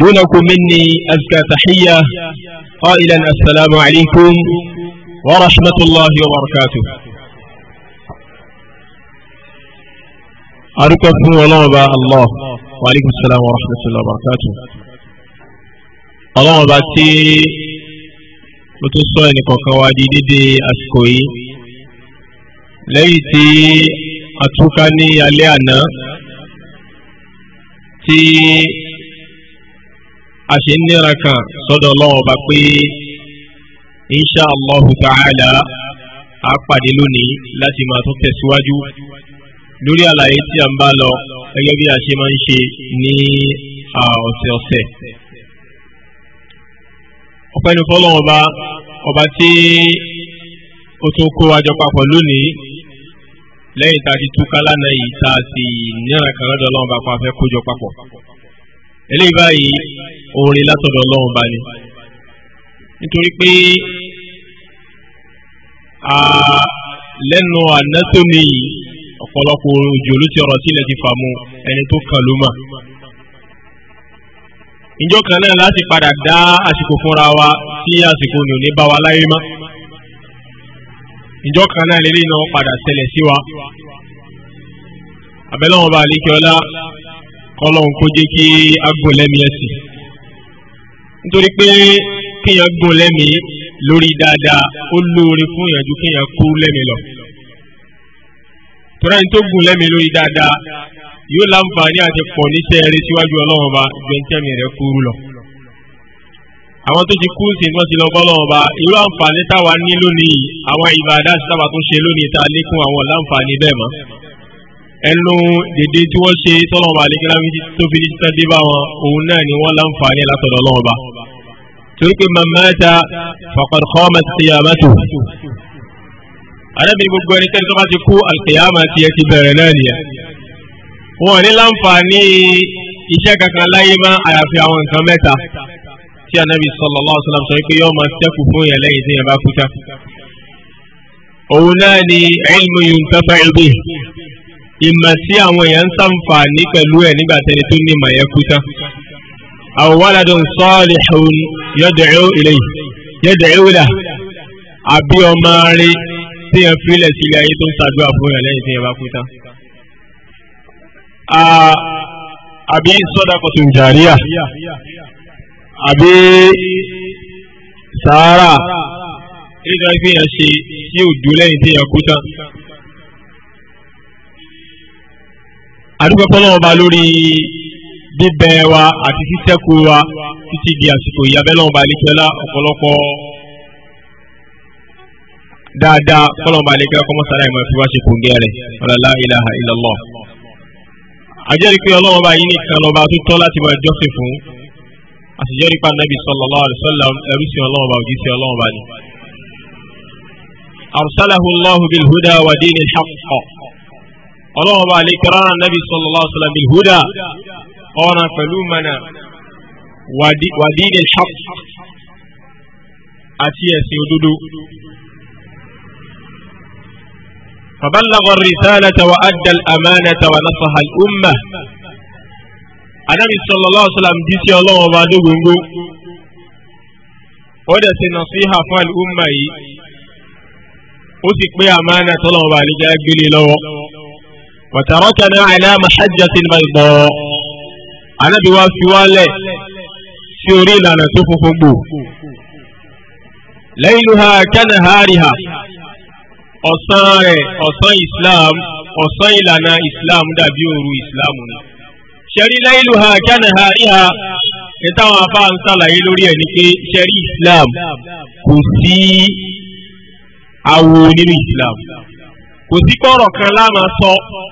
دونكم مني أزكى تحية قائلا السلام عليكم ورحمة الله وبركاته أركفوا الله الله وعليكم السلام ورحمة الله وبركاته الله ọba متوسطين كوكوادي tún sọ ẹnìkọ̀ọ̀kan wa di dédé a sì ń nira kan sọ́dọ̀ ọlọ́run ọba pé insha allahu ta'ala a pàdé lónìí láti máa tún tẹ̀síwájú lórí àlàyé tí a ń bá lọ gẹ́gẹ́ bí a ṣe máa ń ṣe ní ọ̀sẹ̀ọ̀sẹ̀. ọpẹ́ ni fọ́lọ́run ọba ọba tí ó tún kó wájọ papọ̀ lónìí lẹ́yìn tá a ti túká lánàá yìí tá a sì nira kan lọ́dọ̀ ọlọ́run pa fẹ́ kójọ papọ̀. eléyìí báyìí orin látọ̀dọ̀ ọlọ́run bá ní nítorí pé lẹ́nu ànátòmí ọ̀pọ̀lọpọ̀ òjò ló ti ọ̀rọ̀ sílẹ̀ ti fàmù ẹni tó kàn ló mà. ìjọ kan náà láti padà dá àsìkò fúnra wa sí àsìkò ní òní bá wa láyé mọ́. ìjọ kan náà lélẹ́yìn náà padà ṣẹlẹ̀ sí wa. àbẹ́lẹ́wọ̀n bá àlékè ọlá kọ́lọ́hún kó jẹ́ kí agbó lẹ́mìí ẹ̀sìn nítorí pé kéèyàn gùn lẹ́mìí lórí dáadáa ó lóore fún ìyànjú kéèyàn kú lẹ́mìí lọ. tọ́lá ní tó gùn lẹ́mìí lórí dáadáa yóò láǹfààní àti pọ̀ níṣẹ́ eré síwájú ọlọ́run ọba gbẹ̀ntẹ́mì rẹ̀ kúrú lọ. àwọn tó ti kú sí nǹkan ti lọ bọ́ ọlọ́run ọba irú àǹfààní táwa ní lónìí àwọn ìbàdàn sábà tó ṣe lónìí ta lékún àwọn láǹfààní bẹ́ẹ̀ mọ́ ẹnu dèdè tí wọ́n ṣe tọ́lọ́mọba àdékẹ́lá tó fi títà dé bá wọn òun náà ni wọ́n láǹfààní látọ̀dọ̀ ọlọ́mọba torí pé man mata faqad qamat qiyamatuhu arábìnrin gbogbo ẹni tẹ́lẹ̀ tó bá ti kú alkiyama ti ẹ ti bẹ̀rẹ̀ náà nìyẹn wọn ní láǹfààní iṣẹ́ kankan láyé má àyàfi àwọn nǹkan mẹ́ta tí anabi sallallahu alaihi wasallam sọ pé yóò máa ṣẹ́kù fún yẹn lẹ́yìn tí yẹn bá kú ìmọ̀ sí àwọn èèyàn ń sàǹfààní pẹ̀lú ẹ̀ nígbà tẹni tó ní ìmọ̀ yẹn kú tán. àwọn waladun salihun yad'u ilayhi yad'u lahu àbí ọmọ rí tí yẹn filẹ̀ sílẹ̀ ayé tó ń ṣàdúrà fún yẹn lẹ́yìn tí yẹn bá kú tán. àbí sadaqatun jariyah àbí sàárà nígbà tí yẹn ṣe tí ò lẹ́yìn tí yẹn kú tán. àdúgbò fọlọ́wọ́n ba lórí bíbẹ wa àti sísẹ́kù wa títí di àsìkò ìyàbẹ́ lọ́wọ́n ba lẹ́kẹ́lá ọ̀pọ̀lọpọ̀ dáadáa fọlọ́wọ́n ba lẹ́kẹ́lá kọ́mọ́sára ìmọ̀ ìfúwá ṣe kò ń gẹ́rẹ̀ ọ̀làlá ilaha illallah. àjẹ́rìí pé ọlọ́wọ́n ba yìí nìkan lọ́ba tó tọ́ láti máa jọ́sìn fún àtijọ́rí pa nàbì sallallahu ọlọ́run bá lè kẹ́rọ náà nàbí sallallahu alaihi wasallam bil huda ọ̀nà pẹ̀lú mẹ́nà wàdíni ṣáp àti ẹ̀sìn òdodo. فبلغ الرسالة وأدى الأمانة ونصح الأمة النبي صلى الله عليه وسلم دي سي الله وما دوغونغو ودا سي نصيحة فالأمة يي وسي بي أمانة الله وما لجاك بلي لوو wàtàrọ́kẹ́nà àìláàmà hajjati ìgbàgbọ́ anábì wa fi wálẹ̀ sí orí ìlànà tó funfun gbò layluha kanahariha ọ̀sán rẹ̀ ọ̀sán islam ọ̀sán ìlànà islam dàbí òru islam ni ṣẹ̀rí layluha kanahariha ìtàwọn afá ń sàlàyé lórí ẹ̀ ni pé ṣẹ̀rí islam kò sí awo nínú islam kò sí kọ́rọ̀ kan láàmà sọ. So,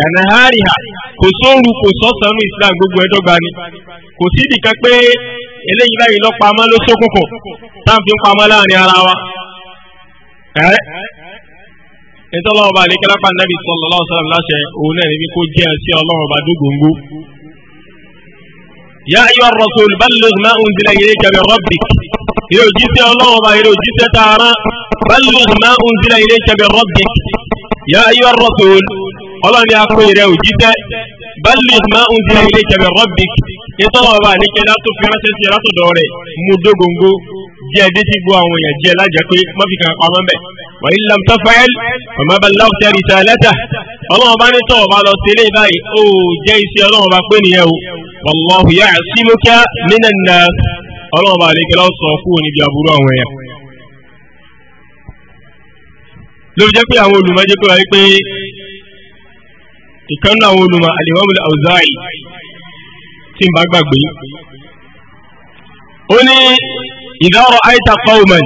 kànáhárìhà kò sóòrù kò sọ́sànú islam gbogbo ẹ̀dọ́gba ni kò sídìí kan pé eléyìí báyìí lọ pamọ́ ló ṣókùnkùn táàfin ń pamọ́ láàrin ara wa. nítorí ọba àlékẹ́lá pa nàbì sallallahu alaihi wasallam láṣẹ òun náà níbi kó jẹ́ ẹ̀sìn ọlọ́run ọba dógóńgó. yá ayọ́ rasul balligh ma unzila ilayka min rabbik yóò jíṣẹ́ ọlọ́run ọba yóò jíṣẹ́ tààrà balligh ma unzila ilayka min rabbik yá ayọ́ rasul ọlọ́run ni a pè rẹ òjíṣẹ́ balẹ̀ máa ń di ilé kẹfẹ́ rọ́bì nítorí ọba àníkẹ́ látò fi ránṣẹ́ sí látòdọ̀ rẹ̀ mú dógóńgó díẹ̀ dé ti gbọ́ àwọn èèyàn díẹ̀ lájẹ́ pé má fi kàn pamọ́ mẹ́ wàyí lam tafael ọmọ bá láwùjẹ́ rí sàlẹ́tà ọlọ́run bá ní tọ́ ọba lọ sílé báyìí ó jẹ́ iṣẹ́ ọlọ́run bá pé nìyẹn o wàlláhu yà á sí lókè bá àníkẹ́ láwù jẹ́ pé àwọn olùmọ̀jẹ́ pé wáyé pé ìkan náà wọn olùmọ̀ al-Imam al-Awza'i tí n bá gbàgbé ó ní idha ra'ayta qawman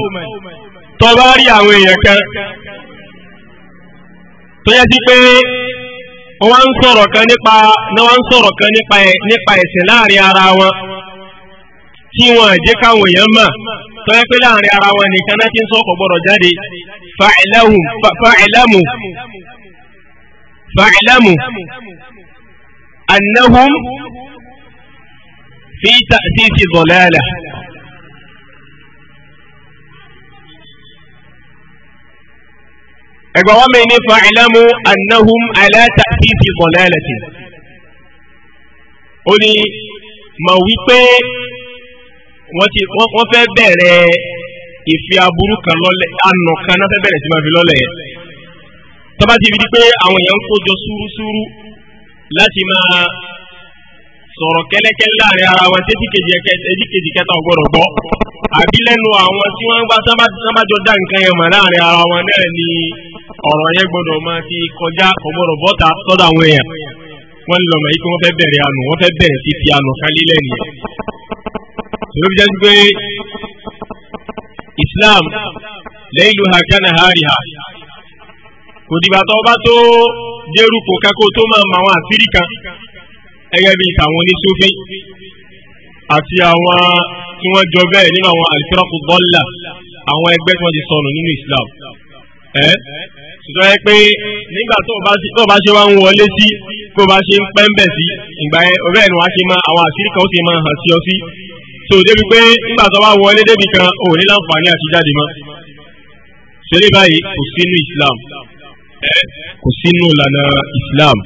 tó bá rí àwọn èèyàn kan tó yẹ sí pé wọ́n ń sọ̀rọ̀ kan nípa ní wọ́n ń sọ̀rọ̀ kan nípa ẹ̀ nípa ẹ̀sìn láàrin ara wọn tí wọ́n jẹ́ káwọn èèyàn mọ̀ tó yẹ pé láàrin ara wọn nìkan náà ti ń sọ̀kọ̀ gbọ́dọ̀ jáde fa'ilahu fa'ilamu fa'lamu annahum fi ta'sisi dalalah ẹgbẹ́ wọn mẹ́ni fa'lamu annahum ala ta'sisi dalalati ó ní mọ̀ wípé wọ́n fẹ́ bẹ̀rẹ̀ ìfi aburú kan lọ́lẹ̀ ànà kan náà fẹ́ bẹ̀rẹ̀ sí máa fi lọ́lẹ̀ yẹn tọ́ba ti rí pé àwọn èèyàn ń kójọ súrúsúrú láti máa sọ̀rọ̀ kẹ́lẹ́kẹ́lẹ́ láàrin ara wọn tẹ́tí kejì ẹ̀dí kejì kẹta ọ̀gbọ́dọ̀ gbọ́ àbí lẹ́nu àwọn tí wọ́n ń gbá sábàjọ dá nǹkan yẹn mọ̀ láàrin ara wọn náà ni ọ̀rọ̀ yẹn gbọ́dọ̀ máa ti kọjá ọ̀gbọ́dọ̀ bọ́ta sọ́dọ̀ àwọn èèyàn wọ́n lọ mọ̀ yìí pé wọ́n fẹ́ bẹ̀rẹ̀ àánú wọ́n fẹ́ bẹ̀rẹ̀ sí fi àánú kan lílẹ̀ kò dìgbà tó bá tó dérúkọ kẹ́kọ̀ọ́ tó máa ma àwọn àṣírí kan ẹgẹ́ bíi tàwọn oníṣúfí àti àwọn tí wọ́n jọ bẹ́ẹ̀ nínú àwọn àlùfẹ́rọ́kù bọ́là àwọn ẹgbẹ́ tí wọ́n ti sọnù nínú Islam ẹ́ ṣùgbọ́n ẹ pé nígbà tó o bá ṣe wá ń wọlé sí kó bá ṣe ń pẹ́ ń bẹ̀ sí ìgbà yẹn ọ̀rẹ́ ẹ̀nu wa ṣe máa àwọn àṣírí kan ó sì máa hàn sí ọ sí tó o débi pé nígbà tó bá wọlé débi kan ò ní láǹfààní àti jáde mọ́ ṣeré báyìí kò sínú Islam. Islam kò sínú ìlànà Islam.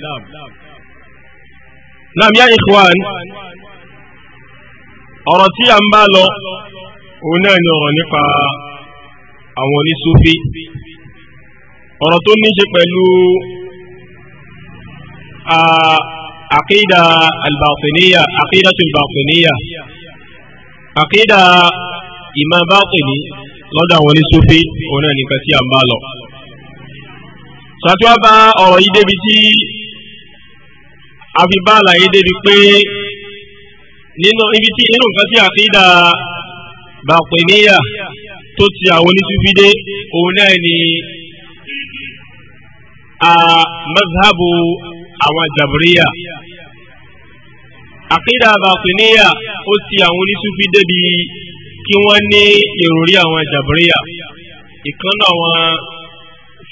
Naam ya ikhwan ọ̀rọ̀ tí a ń bá lọ òun náà ni ọ̀rọ̀ nípa àwọn onísúfí ọ̀rọ̀ tó ní ṣe pẹ̀lú àkídà albàtìníyà àkídà tó albàtìníyà àkídà ìmọ̀ lọ́dọ̀ àwọn onísúfí òun náà nìkan tí a ń bá lọ sọ́tí wá bá ọ̀rọ̀ yìí débi tí a fi bá àlàyé débi pé nínú ibi tí nínú nǹkan tí àkídà bàpẹ̀níyà tó ti àwọn oníṣúfídé òun náà ni a mazhabu àwọn jàbíríyà àkídà bàpẹ̀níyà ó ti àwọn oníṣúfídé bí kí wọ́n ní ìròrí àwọn jàbíríyà ìkànnà àwọn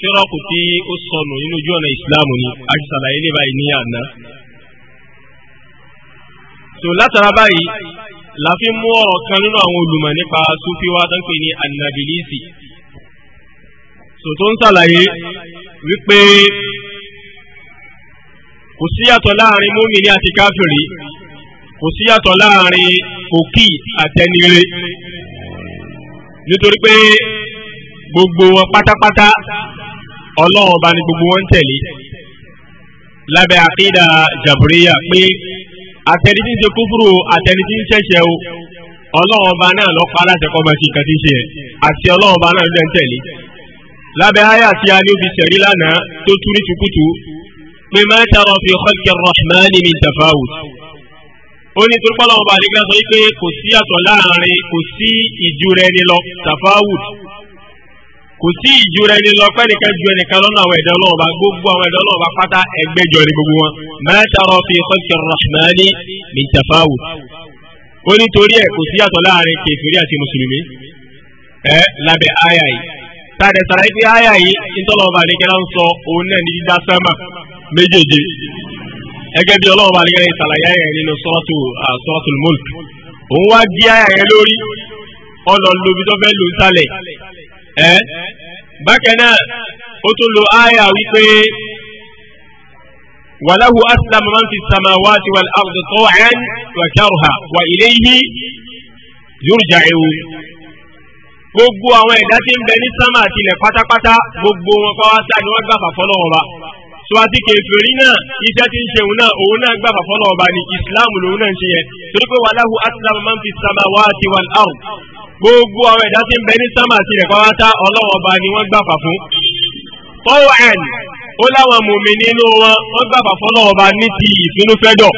fẹ́rọ̀kù tí ó sọnù nínú ojú ọ̀nà ìsìláàmù ni a ti ṣàlàyé lè báyìí ní àná. tó látara báyìí la fi mú ọ̀rọ̀ kan nínú àwọn olùmọ̀ nípa súfíwá tó ń pè ní anabilisi. tó tó ń ṣàlàyé wípé kò síyàtọ̀ láàrin mùmínì àti káfìrí kò síyàtọ̀ láàrin òkì àtẹnire nítorí pé gbogbo wọn pátápátá ọlọ́run ọba ni gbogbo wọn ń tẹ̀lé lábẹ́ àkídà jàbúríyà pé àtẹni tí ń ṣe kúfúrú àtẹni tí ń ṣẹ̀ṣẹ̀ o ọlọ́run ọba náà lọ pa aláṣẹ kọ́ máa ṣe nǹkan tí ń ṣe ẹ̀ àti ọlọ́run ọba náà ló ń tẹ̀lé lábẹ́ àyà tí a ní òbí sẹ̀rí lánàá tó túrí tukutu pé máa tara fi khalqi rahmani min tafawut ó ní torípọ́lọ́run ọba nígbà sọ wípé kò sí àtọ̀ láàrin kò sí ìjú rẹ ní lọ tafawut kò sí ìjura ẹni lọ pẹ́ nìkan ju ẹnìkan lọ́nà àwọn ẹ̀dá ọlọ́run bá gbogbo àwọn ẹ̀dá ọlọ́run pátá ẹgbẹ́jọ ni gbogbo wọn máa ṣàrọ̀ fi sọ́kì rahmani min tafawut. ó nítorí ẹ̀ kò sí yàtọ̀ láàrin kèfèrí àti mùsùlùmí ẹ lábẹ́ àyà yìí tàdé sàlàyé pé àyà yìí nítorí ọba àdékẹ́lá ń sọ òun náà ní dídá sẹ́mà méjèèjì ẹgẹ́ bí ọlọ́run ẹ́ bákan náà ó tún lo àyà wípé wàláhu aslama man fi samawati wal ardi taw'an wa karha wa ilayhi yurja'un gbogbo àwọn ẹ̀dá tí ń bẹ ní sámà àti ilẹ̀ pátápátá gbogbo wọn pàwátá ni wọ́n gbàgbà fọ́nà ọba tó a ti náà iṣẹ́ tí ń ṣe òun náà òun náà gbàgbà fọ́nà ọba ni ìsìláàmù lòun náà ń ṣe yẹn torí pé wàláhu aslama man fi samawati wal ardi gbogbo àwọn ẹ̀dá tí ń bẹ ní sámà ọba ni wọn gbàfà fún. tọ́wọ́ ó láwọn mùmí nínú wọn wọ́n gbàfà fún ọba ní ti ìfinúfẹ́dọ̀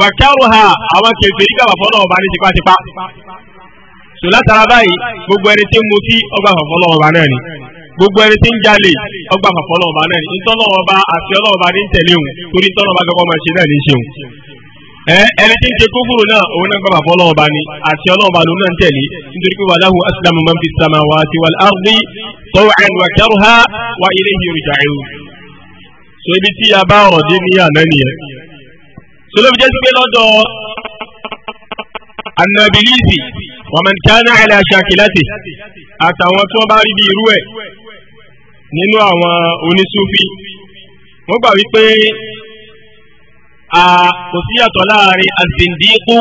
wàkẹ́rù ha àwọn kèfèrí gbàfà fún ọba ní tipátipá. gbogbo ẹni tí ń gbogbo ẹni tí ń jalè ọba náà ni ọba àti ọba ní ẹni tí ń ṣe kúfúrú náà òun náà gbọ́dọ̀ bọ́ lọ́wọ́ bá àti ọlọ́wọ́ bá náà ń tẹ̀lé nítorí pé ardi wa karha wa ilayhi yurja'un. so ibi tí a bá ọ̀rọ̀ dé ní àná nìyẹn. so jẹ́ sí lọ́dọ̀ anabilisi wa man kana ala shakilati àtàwọn tí wọ́n bá rí bí irú ẹ̀ nínú àwọn onísúfì wọ́n kò sí yàtọ̀ láàrin azindiku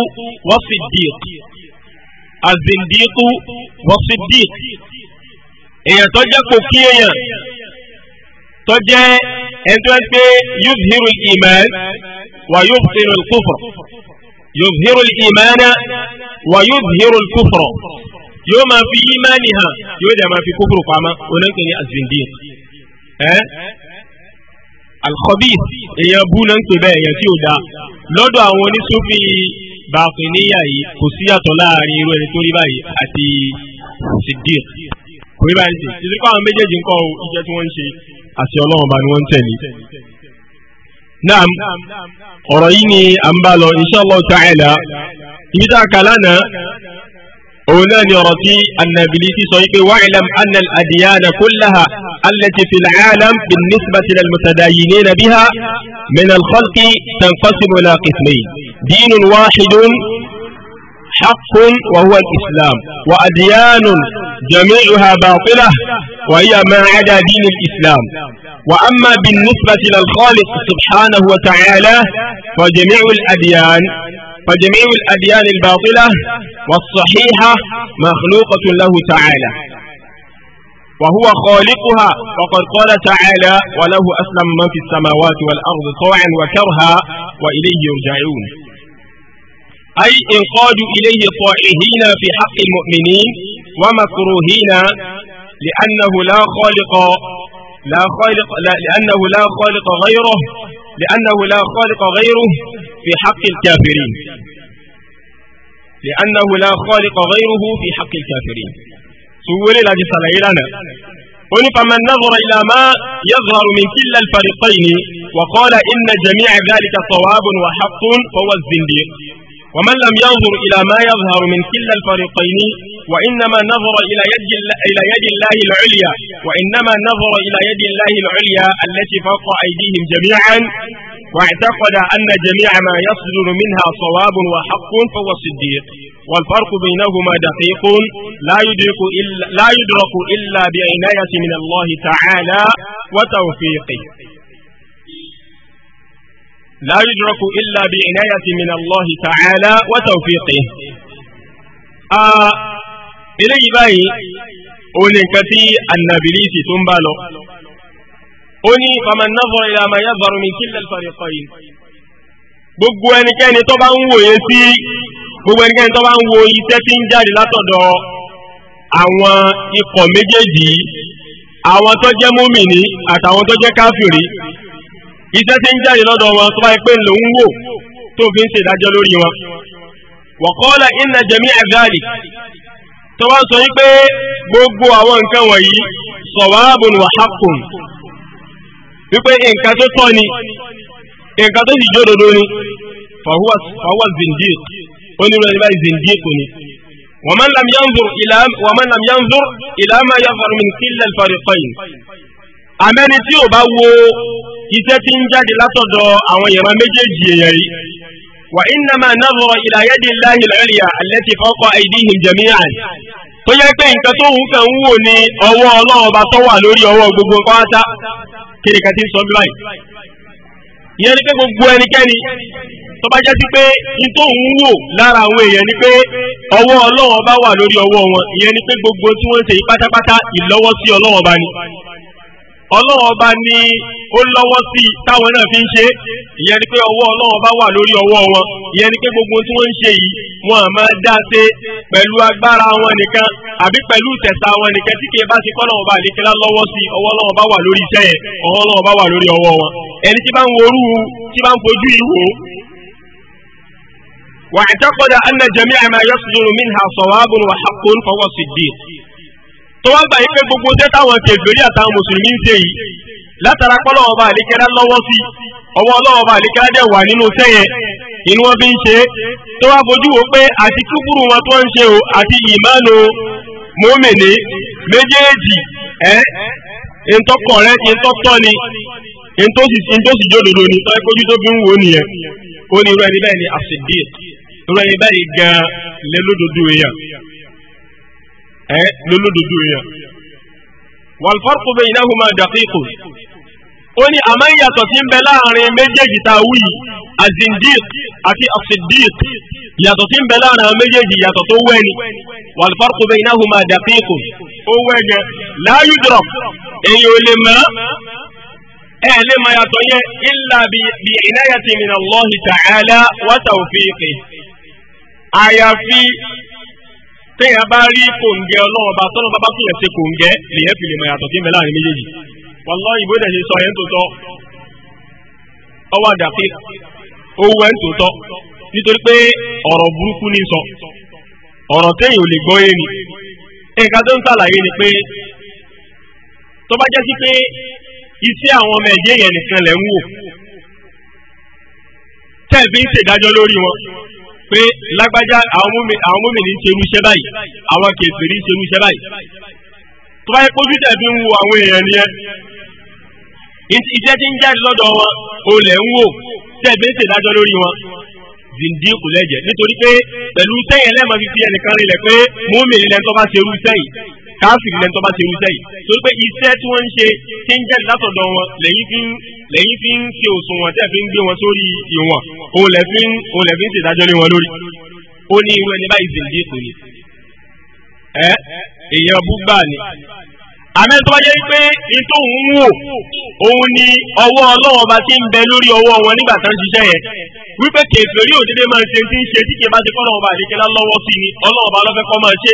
wọ́sídìk azindiku wọ́sídìk èèyàn tó jẹ́ kò kí èèyàn tó jẹ́ ẹni tó ń pé yubhiru iman wa yubhiru kufr yubhiru iman wa yubhiru kufr yóò máa fi imani hàn yóò dẹ̀ máa fi kufr pamọ́ onínkè azindiku alkhabith èèyàn bú náà ń pè bẹ́ẹ̀ èèyàn tí ò dáa lọ́dọ̀ àwọn oníṣúfì bàtíníyà yìí kò sí yàtọ̀ láàrin irú ẹni tó rí báyìí àti Siddiq kò rí báyìí sí títí pé àwọn méjèèjì ń kọ́ iṣẹ́ tí wọ́n ń ṣe àti ọlọ́run bá ni wọ́n ń tẹ̀lé. naam ọ̀rọ̀ yìí ni à ń bá lọ insha Allah ta'ala ibi tá a kà lánàá أولاني رضي أن بليتي صيبي واعلم أن الأديان كلها التي في العالم بالنسبة للمتدينين بها من الخلق تنقسم إلى قسمين دين واحد حق وهو الإسلام وأديان جميعها باطلة وهي ما عدا دين الإسلام وأما بالنسبة للخالق سبحانه وتعالى فجميع الأديان فجميع الأديان الباطلة والصحيحة مخلوقة له تعالى وهو خالقها وقد قال تعالى وله أسلم من في السماوات والأرض طوعا وكرها وإليه يرجعون أي انقادوا إليه طائعين في حق المؤمنين ومكروهين لأنه لا خالق لا خالق لا لأنه لا خالق غيره لأنه لا خالق غيره في حق الكافرين لأنه لا خالق غيره في حق الكافرين سولي لا صلى لنا قل فمن نظر إلى ما يظهر من كلا الفريقين وقال إن جميع ذلك صواب وحق فهو الزنديق ومن لم ينظر إلى ما يظهر من كلا الفريقين وإنما نظر إلى يد, إلى يد الله العليا وإنما نظر إلى يد الله العليا التي فوق أيديهم جميعا واعتقد أن جميع ما يصدر منها صواب وحق فهو صديق والفرق بينهما دقيق لا يدرك إلا, لا يدرك إلا بعناية من الله تعالى وتوفيقه لا يدرك إلا بعناية من الله تعالى وتوفيقه آه إليه باي أولي كثير النبليس تنبالو ó ní faman nazara ila ma yazharu min kilda al-fariqayn gbogbo ẹnikẹ́ni tó bá ń wòye sí gbogbo ẹnikẹ́ni tó bá ń wo iṣẹ́ tí ń jáde látọ̀dọ̀ àwọn ikọ̀ méjèèjì àwọn tó jẹ́ múmìnì àtàwọn tó jẹ́ káfìrí iṣẹ́ tí ń jáde lọ́dọ̀ wọn tó bá yẹ pé lòun wò tó fi ń ṣèdájọ́ lórí wọn. wa qala inna jami'a tó wá sọ yí pé gbogbo àwọn nǹkan wọ̀nyí sawabun wa wípé nǹkan tó tọ́ ni nǹkan tó sì jódodo ni fàwọ́ zindiq onírú ẹni báyìí zindiq ni. ومن لم ينظر إلى ومن لم ينظر إلى ما يظهر من كلا الفريقين àmẹ́ni tí ò bá wo iṣẹ́ tí ń jáde látọ̀dọ̀ àwọn ìran méjèèjì èèyàn yìí wà innama nazara ila yadi llahi al-ulya allati fawqa aydihim jami'an tó yẹ pé nǹkan tó ń kàn ń wò ní ọwọ́ Ọlọ́run kí ni ká ti sọ bí báyìí ìyẹn ni pé gbogbo ẹnikẹ́ni tó bá jẹ́ sí pé n tó ń wò lára àwọn èèyàn ni pé ọwọ́ Ọlọ́run bá wà lórí ọwọ́ wọn ìyẹn ni pé gbogbo tí wọ́n ń ṣe yí pátápátá ìlọ́wọ́sí Ọlọ́run bá ni. ọlọ́run ọba ní ó lọ́wọ́ sí táwọn náà fi ń ṣe ìyẹn ni pé ọwọ́ ọlọ́run bá wà lórí ọwọ́ wọn ìyẹn ni pé gbogbo tí wọ́n ń ṣe yìí wọn à máa dá ṣe pẹ̀lú agbára wọn nìkan àbí pẹ̀lú tẹ̀sà wọn nìkan tí kìí bá ti kọ́ ọlọ́run ọba àlékelá lọ́wọ́ sí ọwọ́ ọlọ́run bá wà lórí iṣẹ́ yẹn ọwọ́ ọlọ́run ọba wà lórí ọwọ́ wọn ẹni tí bá ń worú tí bá ń fojú ìwò واعتقد أن جميع tó ikpe gbà yín pé gbogbo tẹ́ táwọn kèfèrí àtàwọn mùsùlùmí ń ṣe yìí látara pọ́lọ́ ọba àlékẹ́lá lọ́wọ́ sí ọwọ́ ọlọ́wọ́ ọba àlékẹ́lá dẹ̀ wà nínú sẹ́yẹn inú wọn fi ń ṣe fojú wo pé àti kúkúrú wọn tó o àti ìmánu méjèèjì ẹ́ ntọ́kọ̀ rẹ ti ntọ́tọ́ ni ntọ́sí jódodo ni tọ́ tó fi ń wò nìyẹn ní irú ẹni bẹ́ẹ̀ ni àṣìdíè irú ẹni bẹ́ẹ̀ ni gan ẹ lólódodo yẹn wàlfọ́rùkù bẹ́ẹ̀ iná hùmà dàkíkù ó ní àmọ́ ìyàtọ̀ tí ń bẹ láàrin méjèèjì tá a wí azindiq àti asidiq ìyàtọ̀ tí ń bẹ láàrin àwọn méjèèjì ìyàtọ̀ tó wẹ́ ni wàlfọ́rùkù bẹ́ẹ̀ iná hùmà dàkíkù ó wẹ́ yẹn láàyè dùrọ̀ èyí ò lè mọ́ ẹ lè máa yàtọ̀ yẹn illa bi inayati min Allah ta'ala wa tawfiqi àyàfi téèyàn bá rí kòǹgẹ́ ọlọ́wọ́ bá tọ́lọ́ bábá tó yẹ ṣe kòǹgẹ́ lèyẹ́ fi lè mọ yàtọ̀ sí mẹ́lá rẹ̀ méjèèjì wàlọ́ ìbò ìdẹ̀ ṣe sọ ẹ̀ ń tòótọ́ ọwọ́ àdàpé owó ẹ̀ ń tòótọ́ nítorí pé ọ̀rọ̀ burúkú ní sọ ọ̀rọ̀ téèyàn ò lè gbọ́ yé ni nǹkan tó ń ṣàlàyé ni pé tó bá jẹ́ sí pé iṣẹ́ àwọn ọmọ ẹ̀jẹ̀ yẹn nìkan lẹ̀ ń wò pé lágbájá àwọn mòmìnì ń ṣerú iṣẹ́ báyìí àwọn kèfèrí ń ṣerú iṣẹ́ báyìí tó bá yẹ kó twitter fi ń wo àwọn èèyàn nìyẹn iṣẹ́ tí ń jáde lọ́dọ̀ wọn olè ń wò tẹ̀gbẹ́ ń ṣèdájọ́ lórí wọn zindi kù lẹ́jẹ̀ nítorí pé pẹ̀lú sẹ́yìn ẹlẹ́mọ̀ fi fi ẹnìkan rinlẹ̀ pé mòmìnì lẹ́ńtọ́ bá ṣerú sẹ́yìn káfíìrì lẹ́nu tó bá ṣe irúṣẹ́ yìí torí pé iṣẹ́ tí wọ́n ń ṣe ti ń jáde látọ̀dọ̀ wọn lẹ́yìn fi ń lẹ́yìn fi ń ṣe òṣùwọ̀n tẹ́ fi ń gbé wọn sórí ìwọ̀n òun lẹ́ fi ń òun lẹ́ fi ń ṣèdájọ́ lé wọn lórí ó ní irú ẹni báyìí zèlè àmì tó bá jẹ́ pé ètò òun wò òun ni ọwọ́ ọlọ́wọ́ bá ti ń bẹ lórí ọwọ́ wọn nígbà tó ń ṣiṣẹ́ yẹn wípé máa ṣe ti ń ṣe tí ti àdékẹ́lá lọ́wọ́ sí ni ọlọ́wọ́ bá lọ́fẹ́ kọ́ máa ṣe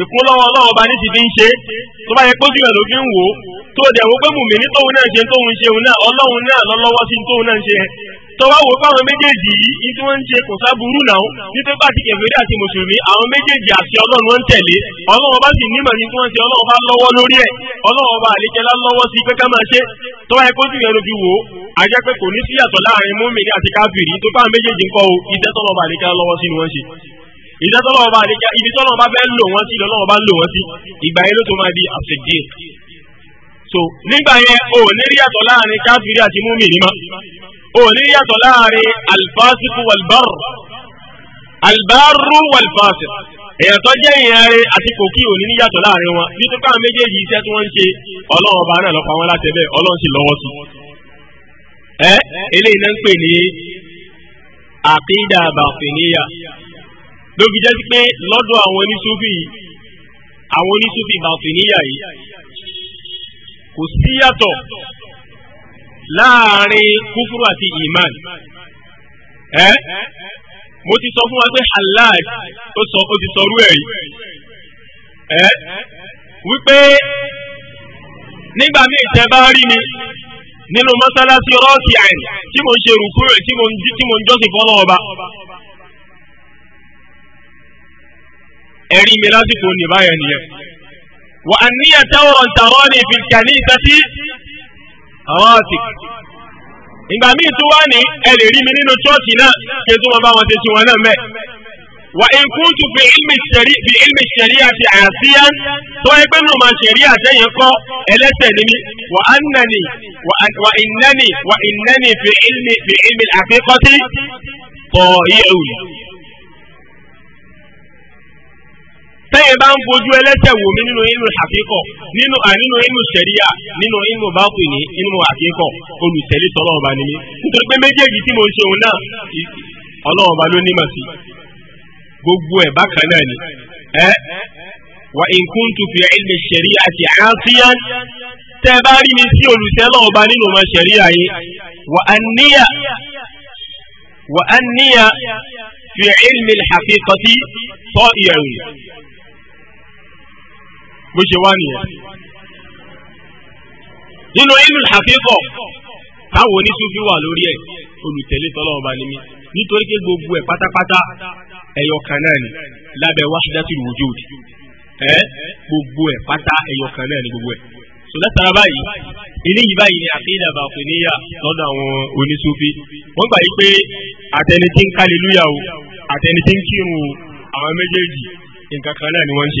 ìkún lọ́wọ́ ọlọ́wọ́ bá ní ti fi ń ṣe tó bá yẹ ló fi ń wò dẹ̀ wọ́n pé mùmí náà ṣe tóun tọ́wá wo fáwọn méjèèjì yìí ní tí wọ́n ń ṣe kò sábúrú náà nítorí pàtí kẹfìrí àti mùsùlùmí àwọn méjèèjì àti ọlọ́run wọn ń tẹ̀lé ọlọ́run bá sì nímọ̀ ní tí wọ́n ń ṣe ọlọ́run bá lọ́wọ́ lórí ẹ̀ ọlọ́run bá àlejẹ́lá lọ́wọ́ sí pé ká máa ṣe tọ́wá ẹkọ́ sì yẹn lójú wo a jẹ́ pé kò ní sí yàtọ̀ láàrin mùmínì àti káfìrí tó fáwọn méjèèjì ń kọ́ o iṣẹ́ tọ́lọ́ bá àlejẹ́lá lọ́wọ́ sí ni wọ́n ṣe iṣẹ́ tọ́lọ́ bá àlejẹ́ ibi tọ́lọ́ bá fẹ́ lò wọ́n sí lọ́lọ́wọ́ bá ń lò wọ́n sí ìgbà yẹn ló tó máa di àṣejì so nígbà yẹn o ní rí yàtọ̀ láàrin káfìrí àti mùmínì mọ́ òní yàtọ̀ láàrin alifásitì wàlbárù alibárù wàlifásitì èèyàn tó jẹ́ ìyẹn rẹ àti kòkí òní ní yàtọ̀ láàrin wọn nítorí káwọn méjèèjì iṣẹ́ tí wọ́n ń ṣe ọlọ́run ọba náà lọ́pàá wọn láti ẹbẹ̀ ọlọ́run sì lọ́wọ́ sí. ẹ eléyìí náà ń pè ní àkídà bàtìníyà ló jẹ́ pé lọ́dọ̀ àwọn oníṣúfì àwọn oníṣúfì bàtìníyà yìí kò sí yàtọ̀ láàrin kúfúrú àti iman ẹ mo ti sọ fún wa pé halal ó sọ ó ti sọrú ẹ yìí ẹ wípé nígbà míì tẹ bá rí mi nínú mọ́sálásí rọ́ọ̀kì àìn tí mo ń ṣe rùkú rẹ̀ tí mo ń jọ́sìn fọ́nà ọba ẹ̀rí mi lásìkò ní báyẹn nìyẹn wà á níyà táwọn ọ̀ntàrọ́ ní ìtẹ́sí àwọn àti ìgbà míì tó wá ní ẹ lè rí mi nínú chọ́ọ̀tì náà kí n tó máa bá wọn ṣe sí wọn náà mẹ́. wà á kúntù fi ilmi ṣẹ̀rí fi ilmi ṣẹ̀rí àti àṣìyá tó wáyé pé nù máa ṣẹ̀rí àtẹ̀yìn kọ́ ẹlẹ́sẹ̀ ni mí wà á nàní wà ìnáni wà ìnáni fi ilmi fi ilmi àfikọ́tì kọ̀ yẹ̀ tẹ́yìn bá ń fojú ẹlẹ́sẹ̀ wò mí nínú inú àkíkọ̀ nínú àìnínú inú sẹ̀ríà nínú inú bákùnì inú àkíkọ̀ olùsẹ̀lẹ̀ tọ́lọ́ ọba ni mí nítorí pé méjèèjì tí mo ń ṣe òun náà ọlọ́run ọba ló nímọ̀ sí gbogbo ẹ̀ bákan náà ni ẹ wà in kuntu fi ilmi sẹ̀ríà ti àásíyán tẹ́ bá rí mi sí olùsẹ̀lẹ̀ ọba nínú ọmọ sẹ̀ríà yìí wà á níyà wà á níyà fi ilmi al-haqiqati tọ́ ìyẹ̀wò bó ṣe wá nìyẹn. nínú inú àfihàn táwọn oníṣúfì wà lórí ẹ̀ olùtẹ̀lé tọ́lọ́ọ̀ba ni mí nítorí pé gbogbo ẹ̀ pátápátá ẹ̀yọ̀ kan náà ni lábẹ́ wahdatul wujud ẹ̀ gbogbo ẹ̀ pátá ẹ̀yọ̀ kan náà ni gbogbo ẹ̀. sọlẹ́tara báyìí eléyìí báyìí ni àfihàn àbàfẹ́níyà lọ́dọ̀ àwọn oníṣúfì wọ́n gbà yí pé àtẹni tí ń kálẹ̀ lúyà o àtẹni tí ń kírun àwọn méjèèjì nǹkan kan náà ni wọ́n ń ṣe.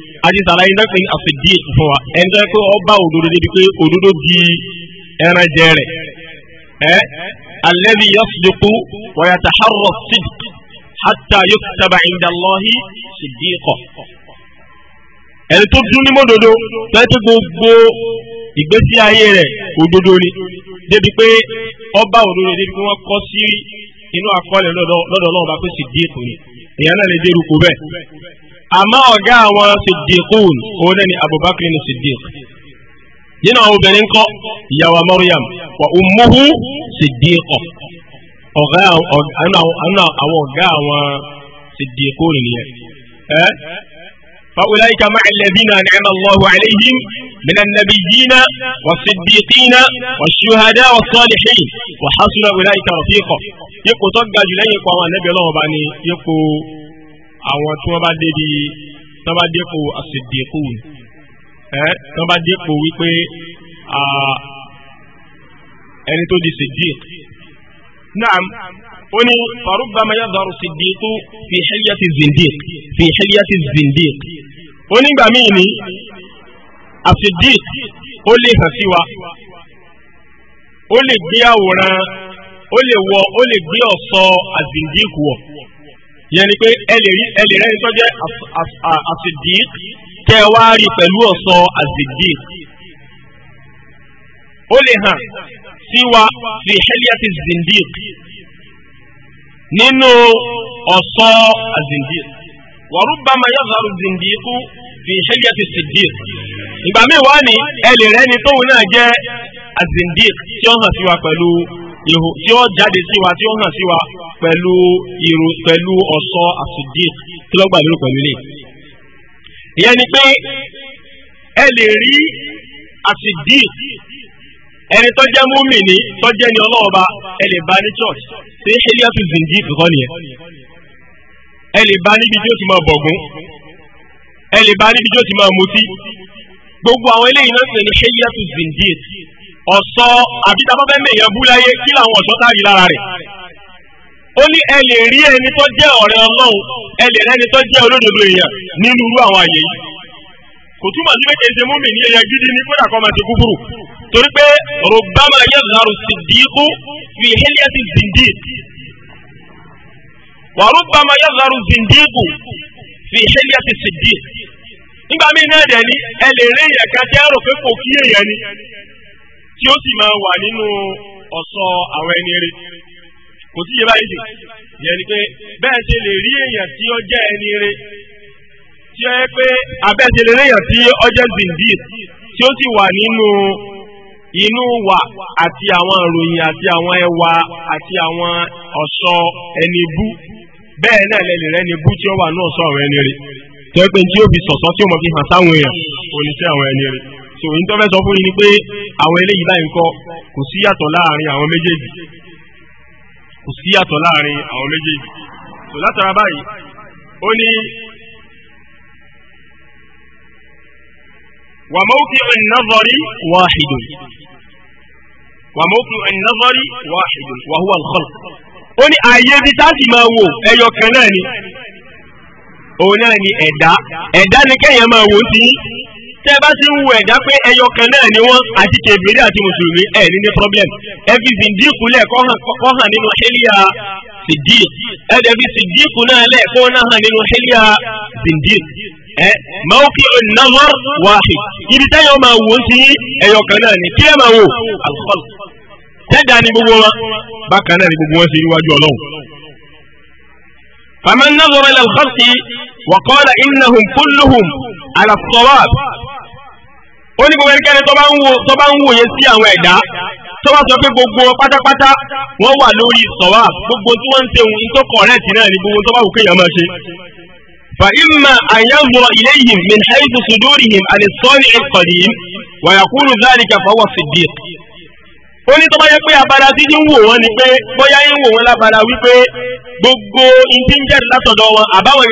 àdìsàlà yìí dákùn àfìdí fún wa ẹni tó yẹ pé ọba òdodo débi pé òdodo di ẹran jẹ rẹ ẹ alladhi yasduqu wa yataharra as-sidq hatta yuktaba inda Allahi ẹni tó dún ní gbogbo ìgbésí ayé rẹ̀ òdodo ni débi pé ọba òdodo débi pé wọ́n sí inú àkọọ́lẹ̀ lọdọ lọ́dọ̀ ọlọ́run bá pé siddiq ni èèyàn náà lè dé àmọ́ ọ̀gá àwọn siddiqun òun náà ni abubakar ni siddiq nínú àwọn obìnrin kọ́ ìyàwó maryam wa ummuhu siddiqo ọ̀gá àwọn ọ̀gá àwọn siddiqun nìyẹn ẹ́ فأولئك مع الذين أنعم الله عليهم من النبيين والصديقين والشهداء والصالحين وحسن أولئك رفيقا يقول تقى جلين النبي الله بأني يقول àwọn tí wọ́n bá dé di tán bá dépò àṣìdìkù ẹ tán bá dépò wípé ẹni tó di sìdìk. Naam, ó ní farubbama yadharu sìdìkù fi hilyati zindiq fi hilyati zindiq. Ó nígbà míì ní àṣìdìk ó lè hàn sí wa ó lè gbé àwòrán ó lè wọ ó lè gbé ọ̀ṣọ́ àzìndíkù wọ̀ yẹn ni pé ẹ lè rí ẹ lè rẹ́ni tó jẹ́ àṣìdí kẹ́ ẹ wá rí pẹ̀lú ọ̀sọ́ àṣìdí. ó lè hàn sí wa sí heliati zindiq nínú ọ̀sọ́ àzindiq wa rubbama yazharu zindiqu fi heliati siddiq ìgbà míì wá ní ẹ lè rẹ́ni náà jẹ́ àzindiq tí ó hàn sí wa pẹ̀lú ihò tí ó jáde sí wa tí ó hàn sí wa pẹ̀lú ìrò pẹ̀lú ọ̀sọ́ àsùdí tí lọ́gbà lérò pẹ̀lú ilé. ìyẹn ni pé ẹ lè rí àsùdí ẹni tó jẹ́ múmìnì tó jẹ́ ni ọlọ́ọ̀ba ẹ lè bá ní church ṣé ilé ọ̀tún zìndí kọ́ nìyẹn. ẹ lè bá níbi tí ó ti máa bọ̀gún ẹ lè bá níbi tí ó ti máa mutí gbogbo àwọn eléyìí náà ń pè ní ṣé ilé ọ̀tún zìndí ọ̀sọ́ àbí tá a bá fẹ́ mèèyàn bú láyé kí làwọn ọ̀sọ́ tá a rí lára rẹ̀ ó ní ẹ lè rí ẹni tó jẹ́ ọ̀rẹ́ ọlọ́run ẹ lè rẹ́ni tó jẹ́ olódodo èèyàn nínú irú àwọn àyè yìí kò túmọ̀ sí méje ṣe múmi ní èèyàn gidi ní kódà kọ́ máa ṣe kúkúrú torí pé rògbámà yẹ̀dùnárù sì dìíkú fi hélíà sí zìndí wà rògbámà yẹ̀dùnárù zìndíkù fi hélíà sí zìndí nígbà míì náà dẹ̀ ní ẹ lè rí èèyàn kan tí ẹ rò pé kò kí èèyàn tí ó sì máa wà nínú ọ̀sọ́ àwọn ẹni eré kò sí yẹ báyìí dì yẹn ni pé bẹ́ẹ̀ ṣe lè rí èèyàn tí ó jẹ́ ẹni eré tí ó yẹ pé abẹ́ṣe lè rí èèyàn tí ó jẹ́ zindí tí ó sì wà nínú inú wa àti àwọn ìròyìn àti àwọn ẹwà àti àwọn ọ̀ṣọ́ ẹni bú bẹ́ẹ̀ náà lẹ́lẹ̀ rẹ ni bú tí ó wà ní ọ̀ṣọ́ àwọn ẹni rẹ tó yẹ pé tí ó fi sọ̀sọ́ tí ó mọ̀ fi hàn sáwọn èèyàn kò àwọn ẹni rẹ so n tó fẹ́ sọ fún yín ni pé àwọn eléyìí báyìí kọ́ kò sí yàtọ̀ láàrin àwọn méjèèjì kò sí yàtọ̀ láàrin àwọn méjèèjì so látara báyìí ó ní وموقع النظر واحد وموقع النظر واحد وهو الخلق ó ní ààyè ibi tá a sì máa wò ẹyọ kan náà ni òun náà ni ẹ̀dá ẹ̀dá ni kéèyàn máa wò sí tẹ́ bá ti ń wo ẹ̀dá pé ẹyọ kan náà ni wọ́n àti kèbèrè àti mùsùlùmí ẹ̀ ní ní problem ẹbí sìndíìkù lẹ̀ kọ́ hàn nínú ṣẹlíà sìndíìkù ẹ̀dẹ̀ bí sìndíìkù náà lẹ̀ kọ́ náà hàn nínú ṣẹlíà sìndíìkù ẹ̀ mọ́ọ́kì ọ̀nàmọ́ wàhì ibi táyọ̀ máa wò sí ẹyọ kan náà ni kí ẹ máa wò alukọ́lù tẹ́jà ni gbogbo wọn bákan náà ni gbogbo wọn sì níwájú ọlọ́run فمن نظر إلى وقال إنهم كلهم على الصواب ó ní gbogbo ẹnikẹ́ni tó bá ń wò tó bá ń wòye sí àwọn ẹ̀dá tó bá sọ pé gbogbo pátápátá wọ́n wà lórí sọ̀wá gbogbo tí wọ́n ń tẹ̀wọ̀n ní tó kọ̀rẹ́ẹ̀tì náà ní gbogbo tó bá wù kéèyàn máa ṣe. فإما أن ينظر إليهم من حيث صدورهم عن الصانع القديم ويقول ذلك فهو الصديق ó ní tó bá yẹ pé abala tí ń wò wọn ni pé bóyá ń wò wọn lábala wípé gbogbo ìdí látọ̀dọ̀ wọn àbáwọn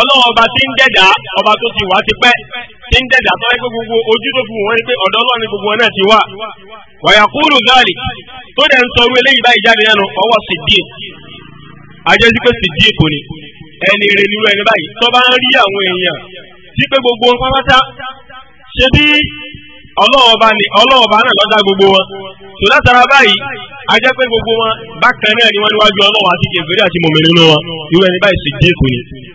ọlọ́run ọba tí ń ọba tó ti wá ti pẹ́ tí ń dẹ̀dá tó yẹ pé gbogbo ojú tó fi wọ́n ni pé ọ̀dọ̀ ọlọ́run ni gbogbo náà ti wà. wàyà kúrò gáàlì tó dẹ̀ ń sọrú eléyìí báyìí jáde lẹ́nu ọwọ́ sídìí ajẹ́sí pé sídìí kò ní ẹni rè nírú ẹni báyìí tó bá ń rí àwọn gbogbo wọn pátá ṣe bí ọba náà gbogbo wọn tó látara báyìí ajẹ́ pé gbogbo wọn bákan náà ni wọ́n níwájú àti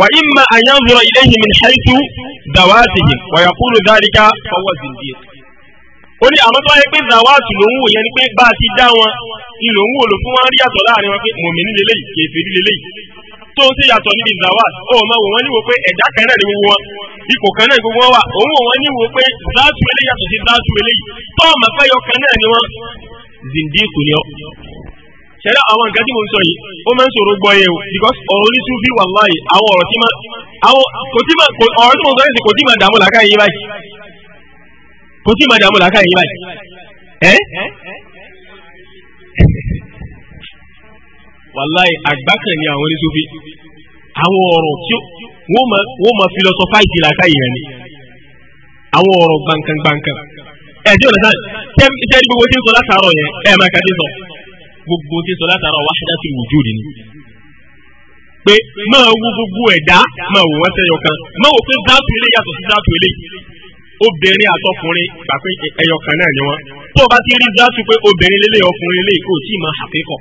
وإما أن ينظر إليه من حيث ذواتهم ويقول ذلك فهو زنديق ó ní àwọn tó yẹ pé zawaatu ló ń wò yẹn ni pé bá a ti dá wọn ni ló ń wò ló fún wọn rí yàtọ̀ láàrin wọn pé mòmí lélẹ́yìí kèfé lélẹ́yìí tó ń ṣe yàtọ̀ níbi zawaat ó máa wò wọ́n níwò pé ẹ̀dá kan náà ni gbogbo wọn ipò kan náà ni gbogbo wọn wà òun wò wọ́n níwò pé zaatu eléyàtọ̀ sí zaatu eléyìí tọ́ọ̀mù afẹ́yọ kan náà ni wọ́n zindíkù ni ọ́ ṣẹlẹ àwọn nǹkan tí mo ń sọ yìí ó máa ń ṣòro gbọ́ o because ọ̀rọ̀ oníṣu bí wàláyé àwọn ọ̀rọ̀ tí máa kò tí máa ọ̀rọ̀ tí mo ń sọ yìí kò tí máa dààmú làákà yìí báyìí kò tí máa dààmú làákà yìí báyìí ẹ́ wàláyé àgbákan ni àwọn oníṣu bí àwọn ọ̀rọ̀ tí wọ́n máa philosophize rẹ̀ ni àwọn ọ̀rọ̀ gbàǹkàǹgbàǹkàǹ tí gbogbo tí sọ látara wahdatul wujud ni pé máa wo gbogbo ẹ̀dá máa wò wọ́n sẹ́yọ kan máa wò pé dáàtú ilé yàtọ̀ sí dáàtú ilé obìnrin àtọkùnrin gbà pé ẹyọ kan náà ni wọ́n tó o bá ti rí dáàtú pé obìnrin lélẹ̀ ọkùnrin lè kó tí ì máa hàpékọ̀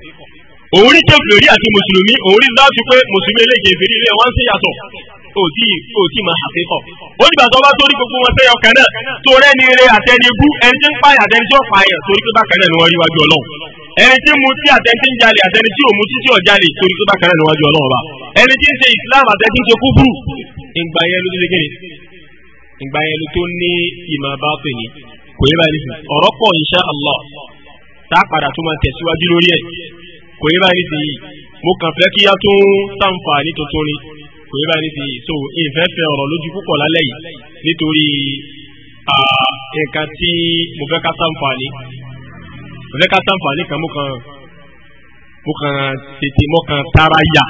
òun rí kèfèrí àti mùsùlùmí òun rí dáàtú pé mùsùlùmí lè kèfèrí lé wọ́n sí yàtọ̀ o tí o tí máa hàpékọ̀ ó dìgbà tó bá torí gbogbo wọn sẹ́yọ kan náà torẹ́ni eré àtẹnigbú ẹni tí ń pààyàn àtẹni tí ó pààyàn torí pé bákan náà ni wọ́n rí wájú ọlọ́run ẹni tí mu tí àtẹ̀tí ń jalè àtẹni tí ò mu tí tí ò jalè torí tó bá kẹrẹ níwájú ọlọ́run ẹni tí ń ṣe islam àtẹ̀tí ń ṣe kúfúrú ìgbà yẹn ló tó lékeré ìgbà yẹn ló tó ní ìmọ̀ bá pè ní kò yẹ báyìí nìsín ọ̀rọ̀ pọ̀ insha Allah tá a padà tó máa tẹ̀síwájú lórí ẹ̀ kò yẹ báyìí nìsín mo kàn fẹ́ kí a tún sàǹfààní tuntun ni kò fẹ́ ká sàǹfààní kan mú kan mú kan tètè mọ́ kan tara yà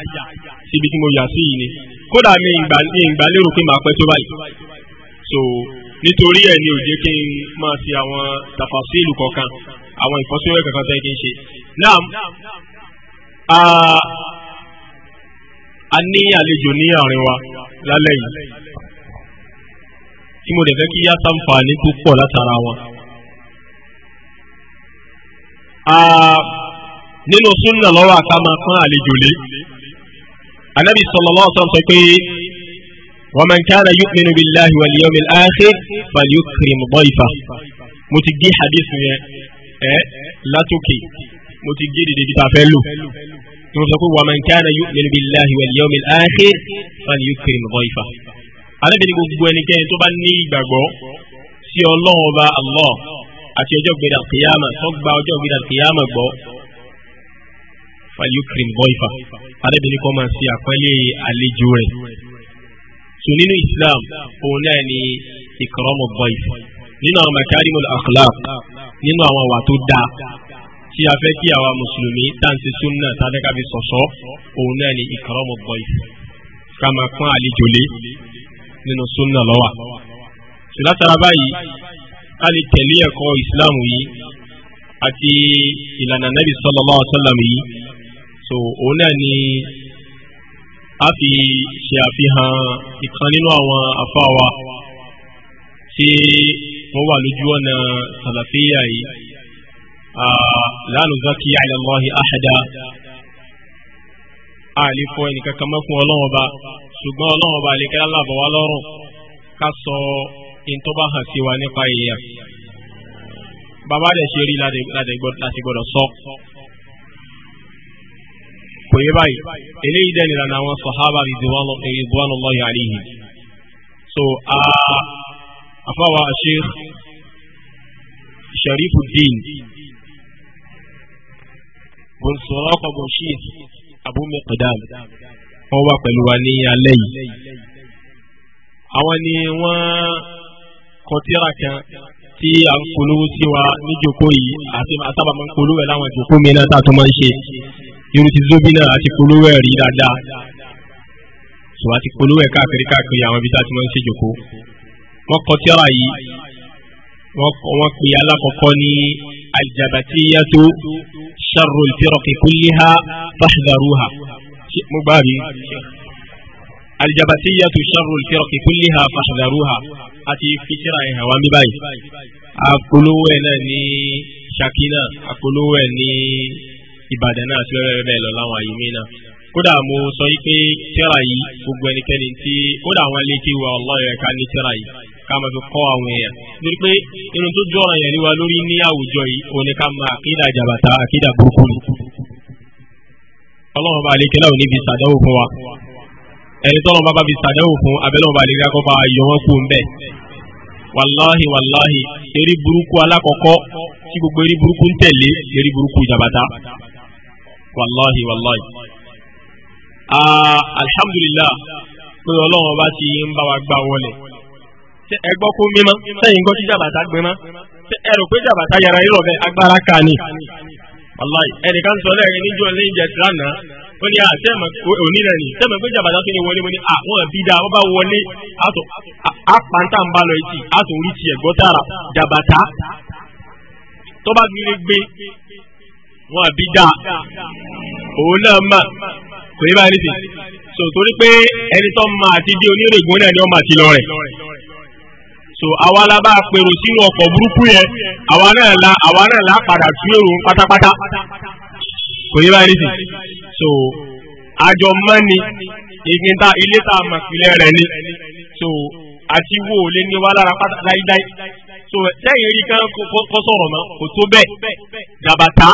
síbi tí mo yà sí yìí ni kódà mi ìgbà ìgbà lérò pé màá pẹ́ tó báyìí so nítorí ẹ̀ ni ò jẹ́ kí n máa ṣe àwọn tàfàṣìlù kọ̀ọ̀kan àwọn ìfọ́síwẹ́ kankan tẹ́ kí n ṣe. naam a ní àlejò ní àárín wa lálẹ́ yìí tí mo dẹ̀ fẹ́ kí yá sàǹfààní tó pọ̀ látara wọn nínú súnà lọ́wọ́ àkàmà fún àlejò lé anabi sallallahu alaihi wasallam sọ pé wa man kana yu'minu billahi wal yawmil akhir falyukrim dayfa mo ti gé hadith yẹn ẹ látòkè mo ti gé dèdè bíta fẹ́ lò tí mo sọ pé wa man kana yu'minu billahi wal yawmil akhir falyukrim dayfa anabi ni gbogbo ẹnikẹ́ni tó bá ní ìgbàgbọ́ sí ọlọ́run ọba allah àti ọjọ́ gbéra kìyàmà tó gba ọjọ́ gbéra kìyàmà gbọ́ falyukrim bọ́ìfà arábìnrin kan máa ṣe àpẹẹlẹ àlejò rẹ̀ so nínú islam òun náà ni ìkọrọmọ bọ́ìfà nínú àwọn makarimul akhlaq nínú àwọn àwà tó dáa tí a fẹ́ kí àwa mùsùlùmí táǹtì súnmọ́ tàbí sọ̀sọ́ òun náà ni ìkọrọmọ bọ́ìfà ká máa pọ́n àlejò lé nínú súnmọ́ lọ́wà so a lè tẹ̀lé ẹ̀kọ́ islam yìí àti ìlànà nabi sallallahu alaihi wasallam yìí so òun náà ni a fi ṣe àfihàn ìkan nínú àwọn afáwa tí wọ́n wà lójú ọ̀nà sàlàfíà yìí la nuzaki ala Allahi ahada a lè fọ ẹnìkan kan mọ́ ṣùgbọ́n ọlọ́wọ́n ba kẹ́lá làbọ̀ lọ́rùn ká sọ ntọ́ba hàn sí wa nípa èèyàn bàbá rẹ̀ ṣe rí láti gbọ́dọ̀ sọ kò yé báyìí eléyìí dẹ́ni lànà àwọn sọ̀hábà ridwanullahi alaihim so àfáwà sheikh sharifuddin bùn sọ̀rọ̀ bùn sheikh abu miqdam wọ́n wà pẹ̀lú wa ní alẹ́ yìí àwọn ni wọ́n. kọ tírà kan tí a ń polówó sí wa ní jòkó yìí àti àtàbà máa ń polówó ẹ̀ láwọn jòkó mi náà tààtò máa ń ṣe irú ti zóbì náà àti polówó ẹ̀ rí dáadáa sọ àti polówó ẹ̀ káàkiri káàkiri àwọn ibi tá a ti máa ń ṣe jòkó wọ́n kọ tírà yìí wọ́n pe alákọ̀ọ́kọ́ ní aljabatiyatu sharrul firqi kulliha fahdharuha mo gbá mi aljabatiyatu sharrul firqi kulliha fahdharuha àti fitira ẹ̀ hàn wá ń bí báyìí àpolówó ẹ̀ náà ní Ṣakí náà àpolówó ẹ̀ ní Ìbàdàn náà àti bẹ́ẹ̀ bẹ́ẹ̀ lọ láwọn àyè mí náà kódà mo sọ yìí pé tírà yìí gbogbo ẹnikẹ́ni tí kódà àwọn aléke wa ọlọ́yọ̀ ẹ̀ka ní tírà yìí ká máa fi kọ́ àwọn èèyàn lórí pé inú tó jọra yẹn níwa lórí ní àwùjọ yìí òun ni ká máa àkídà jàbàtà àkídà burúkú ni. ọlọ́run bá aléke náà ò níbi sàdánwò fún wa ẹni tọ́lọ́ bá bá fi sàdẹ́wò fún abẹ́lẹ́wò bá lè kọ́ kú wàláhì wàláhì eré burúkú alákọ̀ọ́kọ́ tí gbogbo eré burúkú ń tẹ̀lé eré burúkú Jabata. wàláhì wàláhì. pé ọlọ́run bá ti ń bá wa gbà wọlé ẹ gbọ́ kó mímọ́ sẹ́yìn gbọ́ kí ẹ rò pé yàrá agbára wàláhì ẹnìkan sọ lẹ́yìn níjọ́ wọ́n ní àtẹ́mọ̀ onílẹ̀ ni tẹ́mọ̀ pé jàbàtà tó ní wọlé wọ́n ní àwọn ẹ̀bí dáa wọ́n bá wọlé àpáńtà ń bá lọ etí àtò orí tiẹ̀ gbọ́ tààrà jàbàtà tó bá gbére gbé wọn àbí dáa òun náà mà kò ní báyìí nìsín so torí pé ẹni tó ma àti dé onírègùn náà ni wọ́n máa ti lọ rẹ̀ so àwa la bá pèrò sínú ọkọ̀ burúkú yẹn àwa náà la àwa náà la padà tún èrò pátápátá kò ní báyìí nìsín. so àjọ mọ́ni ìgbín ta ilé tá a so àti wo ole lè ní wá lára so lẹ́yìn rí kan kò tó bẹẹ jàbàtà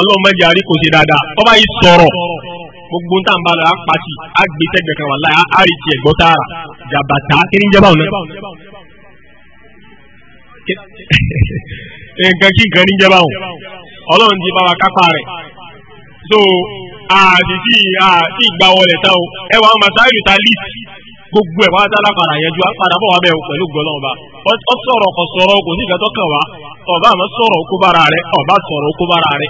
ọlọ́mọdé àrí kò ṣe dáadáa ọba yìí sọrọ gbogbo tá à lọ apàtì àgbẹ̀tẹ̀gbẹ̀ wà láyà àrí tiẹ̀ gbọ́ tààrà jàbàtà so àdìdí àti ìgbàwọlẹ̀ tán o ẹwà wà masáìlú ta gbogbo ẹ̀ wáá dára padà yẹn ju padà bọ̀ ọba ọ sọ̀rọ̀ kò sọ̀rọ̀ kò sí ìgbàtọ́ ọba àmọ́ sọ̀rọ̀ kó bára rẹ ọba sọ̀rọ̀ kó bára rẹ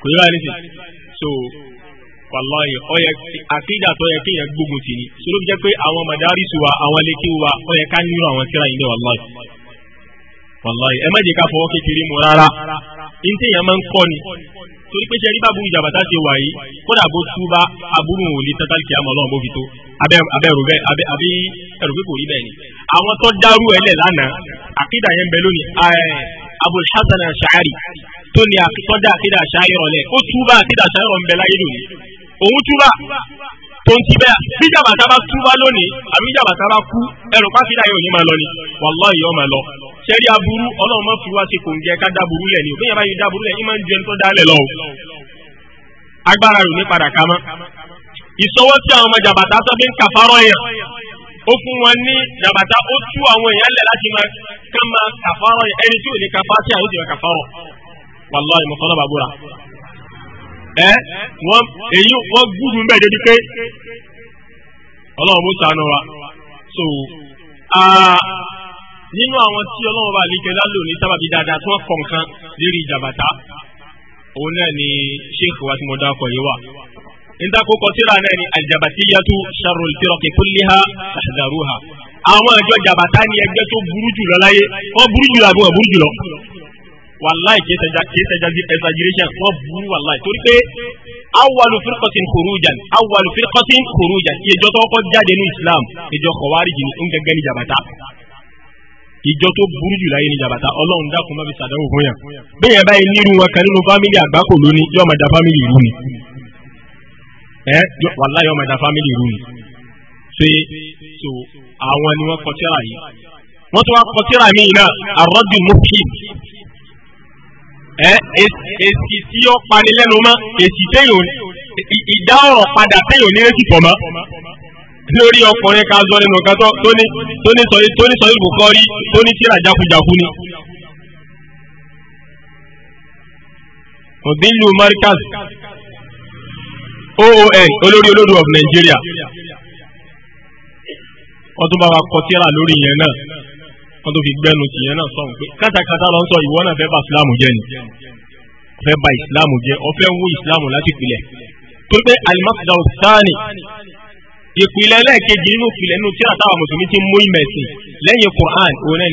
kò yẹ báyìí so wàláyé ọyẹ yẹ tì ní sọlọ́ jẹ́ pé àwọn wa àwọn wa ọyẹ ká àwọn tíra yìí ní wàláyé wàláyé ẹ má jẹ́ ká fọwọ́ kékeré mu rárá ní ni torí pé sẹ́rí báburú ìjàmbá ṣe wà yìí kódà bó túbá aburú ò ní tẹ́tàlì kí a mọ̀ ọlọ́run bó fi tó abẹ́rù bẹ́ẹ̀ àbí ẹ̀rù pé kò rí bẹ́ẹ̀ ni. àwọn tó dárú ẹ̀ lẹ̀ lánàá àkídà yẹn bẹ lónìí Abul Hasan Ash'ari tó ní àtọ́jà àkídà Ash'ari rọlẹ̀ ó túbá àkídà Ash'ari rọ̀ ń bẹ láyé lónìí òun túbá tó ń ti bẹ́ẹ̀ bí jàbàtà bá túbá lónìí àbí jàbàtà bá kú ẹ̀rù sẹ́rí aburú ọlọ́run má fi wá sí kò ń jẹ́ ká dáburú lẹ̀ ni o bẹ́ẹ̀ yẹn dáburú lẹ̀ máa ń tó dálẹ̀ lọ o agbára rò ní padà ká mọ́ ìsọwọ́ tí àwọn ọmọ jàbàtà sọ fi ń kàfárọ̀ yẹn ó fún wọn ní jàbàtà ó tú àwọn èèyàn lẹ̀ láti máa ká máa yẹn ẹni tí ò ní ẹ wọn wọn nínú àwọn tí ọlọ́run bá lè kẹlá lò ní sábàbí dáadáa tí wọ́n kọ̀ nǹkan lérí ìjàbàtà òun náà ni sheikh wa tí mo dá ọkọ̀ yìí wà. níta kó kọ síra náà ni aljabatiyatu sharrul firqi kulliha fahdaruha. àwọn àjọ jàbàtà ni ẹgbẹ́ tó burú jù láyé wọ́n burú jù lọ àbí wọ́n burú jù lọ. wàláì kì í exaggeration wọ́n burú wàláì torí pé awwalu firqatin khurujan awwalu firqatin khurujan ìjọ tó kọ́ jáde ní Islam ìjọ kọ̀wárìjì ní ń gẹ́gẹ́ ní jàbàtà ìjọ tó burú jù láyé ní jàbàtà ọlọ́run dákun má fi sàdánwò fún yàn bí yẹn báyìí nírú wọn kan nínú fámìlì àgbákò lónìí yóò máa da fámìlì ìlú ni ẹ wàlá yóò máa da fámìlì ìlú ni ṣe so àwọn ni wọn kọtíra yìí wọn tún wá kọtíra míì náà àrọ́jù mọ́kì ẹ èsì tí ó pani lẹ́nu mọ́ èsì téèyàn ìdá ọ̀rọ̀ padà téèyàn ní lórí ọkùnrin ká zọ nínú nǹkan tó ní tó ní sọ tó ní sọ ìlú kọ́ rí tó ní tíra jákujàku ni. Odinlu Markaz OON olórí olódò of Nigeria wọ́n tún bá wa kọ tíra lórí yẹn náà wọ́n tún fi gbẹ́nu tì yẹn náà sọ̀rọ̀ pé kátàkátà lọ ń sọ ìwọ náà fẹ́ bà Islam jẹ́ ni fẹ́ bà Islam jẹ́ ọ wú Islam láti pilẹ̀ tó pé alimọ́sídà ọ̀sán ni ìpìlẹ̀ lẹ́ẹ̀kejì nínú ìpìlẹ̀ nínú tíra táwọn mùsùlùmí ti mú ìmẹ̀sìn lẹ́yìn Qur'an òun náà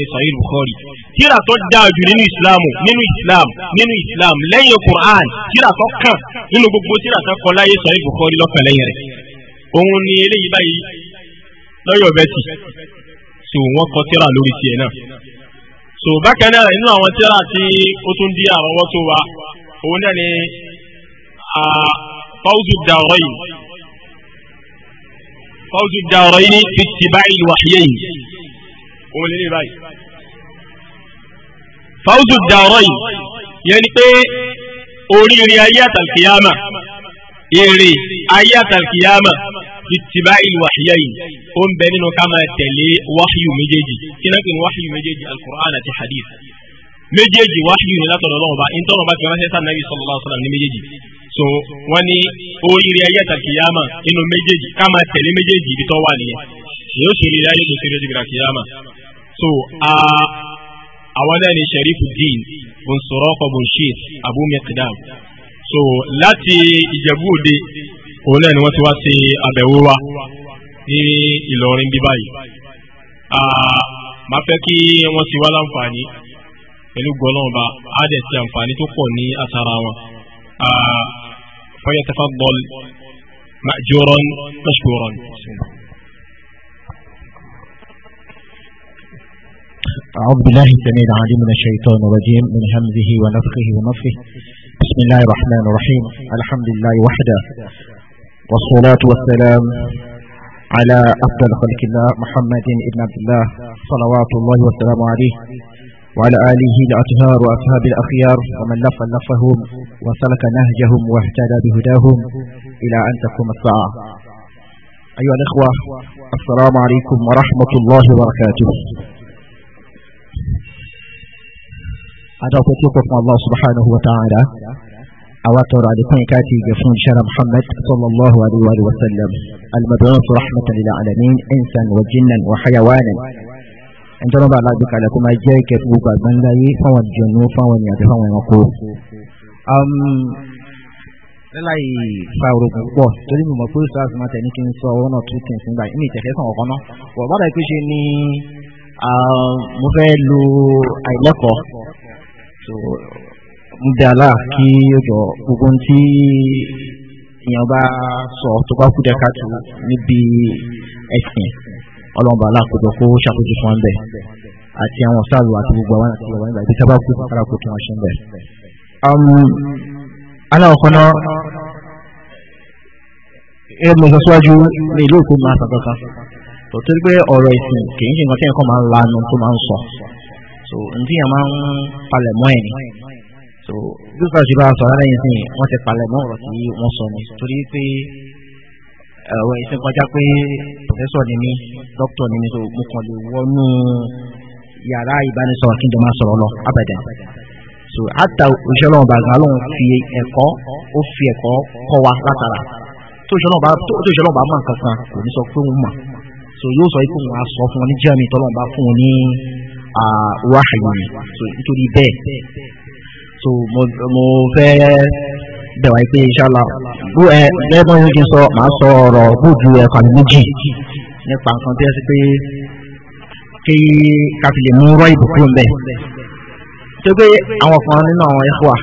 ni Sahih Bukhari tíra tó dáa jù nínú ìsìláàmù nínú ìsìláàmù nínú ìsìláàmù lẹ́yìn Qur'an tíra tó kàn nínú gbogbo tíra tó kọ láyé Sahih Bukhari lọ́kàn lẹ́yìn rẹ̀ òun ni eléyìí báyìí lọ́yọ̀ bẹ́tì so wọ́n kọ tíra lórí tiẹ̀ náà so bákan náà inú àwọn tíra tí ó tún di àrọ́wọ́tó wa òun náà ni Fawzu Dawrayn fawzu dàrọ́yìn fi tìbáyì wàhíyẹ̀yìn òun lè ní báyìí. fawzu dàrọ́yìn yẹn ni pé oríire ayé àtàlùkìyàmà èrè ayé àtàlùkìyàmà fi tìbáyì wàhíyẹ̀yìn ó ń bẹ nínú ká máa tẹ̀lé wáhíyù méjèèjì kí náà kì í wáhíyù méjèèjì alukur'an àti hadith méjèèjì wáhíyù ni látọ̀dọ̀ lọ́wọ́ bá ń tọ́nà bá fi ránṣẹ́ sáà nàbì sallallahu alaihi wasallam ní méjèèjì so wọ́n ní oríire ayé àtàkìyàmà inú méjèèjì ká máa tẹ̀lé méjèèjì ibi tó wà nìyẹn yóò ṣe oríire ayé kò sí oríire àtàkìyàmà so àwọn náà ni Sharifuddin Bunsorofa Bunsheed Abu Miqdam so láti Ìjẹ̀bú Òde òun náà ni wọ́n ti wá sí àbẹ̀wò wa ní Ìlọrin bí báyìí máa fẹ́ kí wọ́n ti wá láǹfààní pẹ̀lú gbọ́nà ọba á dẹ̀ ti àǹfààní tó pọ̀ ní àtàrà wọn. فيتفضل مأجورا مشكورا أعوذ بالله السميع العليم من الشيطان الرجيم من همزه ونفخه ونفخه بسم الله الرحمن الرحيم الحمد لله وحده والصلاة والسلام على أفضل خلق الله محمد بن عبد الله صلوات الله وسلامه عليه وعلى آله الأطهار وأصحاب الأخيار ومن لف لفهم وسلك نهجهم واهتدى بهداهم إلى أن تقوم الساعة أيها الإخوة السلام عليكم ورحمة الله وبركاته هذا تتوقف الله سبحانه وتعالى أواتر على كاتي جفون شر محمد صلى الله عليه وآله وسلم المدعوث رحمة للعالمين إنسا وجنا وحيوانا ẹnjọ́nà bá aláàgbé kalẹ̀ kó máa jẹ́ ìkẹ́fù gbogbo àgbáńlá yé fáwọn àjọyọ̀ fáwọn ènìyàn àti fáwọn ẹranko. Um, lẹ́láì fa orogún púpọ̀ torí mi mọ̀ pé oṣù àti máa tẹ̀lé kí n sọ one or two things nígbà yìí mi ìtẹ̀fẹ́ sàn ọ̀kan náà wọ̀ bọ́dà kí ni um, mo fẹ́ lo àìlẹ́kọ̀ọ́ ń bẹ àlá kí ó jọ gbogbo tí èèyàn bá sọ tó bá kú jẹ́ ká níbi ẹ̀sìn ọlọ́run bàálà àkójọ kó ṣàkóso fún wọn bẹ̀ àti àwọn sáàlù àti gbogbo àwọn àti ìwà nígbà ìgbésẹ̀ bá kú kára kó tún wọn ṣe ń bẹ̀. Um, aláwọ̀kọ́ náà ẹ mọ̀ sọ síwájú ní ìlú òkú máa sàn kankan tó torí pé ọ̀rọ̀ ìsìn kì í ṣe nǹkan tí nǹkan máa ń lanu tó máa ń sọ so ntí yẹn máa ń palẹ̀ mọ́ ẹ̀ ni so bí ó sọ̀rọ̀ ṣe bá a sọ̀rọ̀ lẹ́yìn sí wọ́n ti palẹ̀ mọ́ ọ̀rọ̀ tí wọ́n sọ ni torí pé ẹ̀wọ̀ ìsìn kọjá pé pòfẹ́sọ̀ ni mí doctor ni mí tó mo kàn lè wọnú yàrá ìbánisọ̀rọ̀ kí n jọ máa sọ̀rọ̀ lọ abẹ́dẹ̀ so àtà òṣìṣẹ́ náà bàgà lóun fi ẹ̀kọ́ ó fi ẹ̀kọ́ kọ́ wa látara tó òṣìṣẹ́ náà bá mọ̀ nǹkan kò ní sọ pé òun mọ̀ so yóò sọ pé òun á sọ fún ọ ní jẹ́mi tọ́lọ́ bá fún ọ ní wáhàyè so nítorí bẹ́ẹ̀ so mo fẹ́ dẹ̀wà pé ìṣàlá bó ẹ lẹ́gbọ́n yóò ti sọ màá sọ ọ̀rọ̀ bóòdù ẹ̀kọ́ àti méjì nípa nǹkan tí ẹ sì pé kí káfílẹ̀ mú rọ ìbùkún bẹ́ẹ̀ tó pé àwọn kan nínú àwọn ẹ̀fọ́ à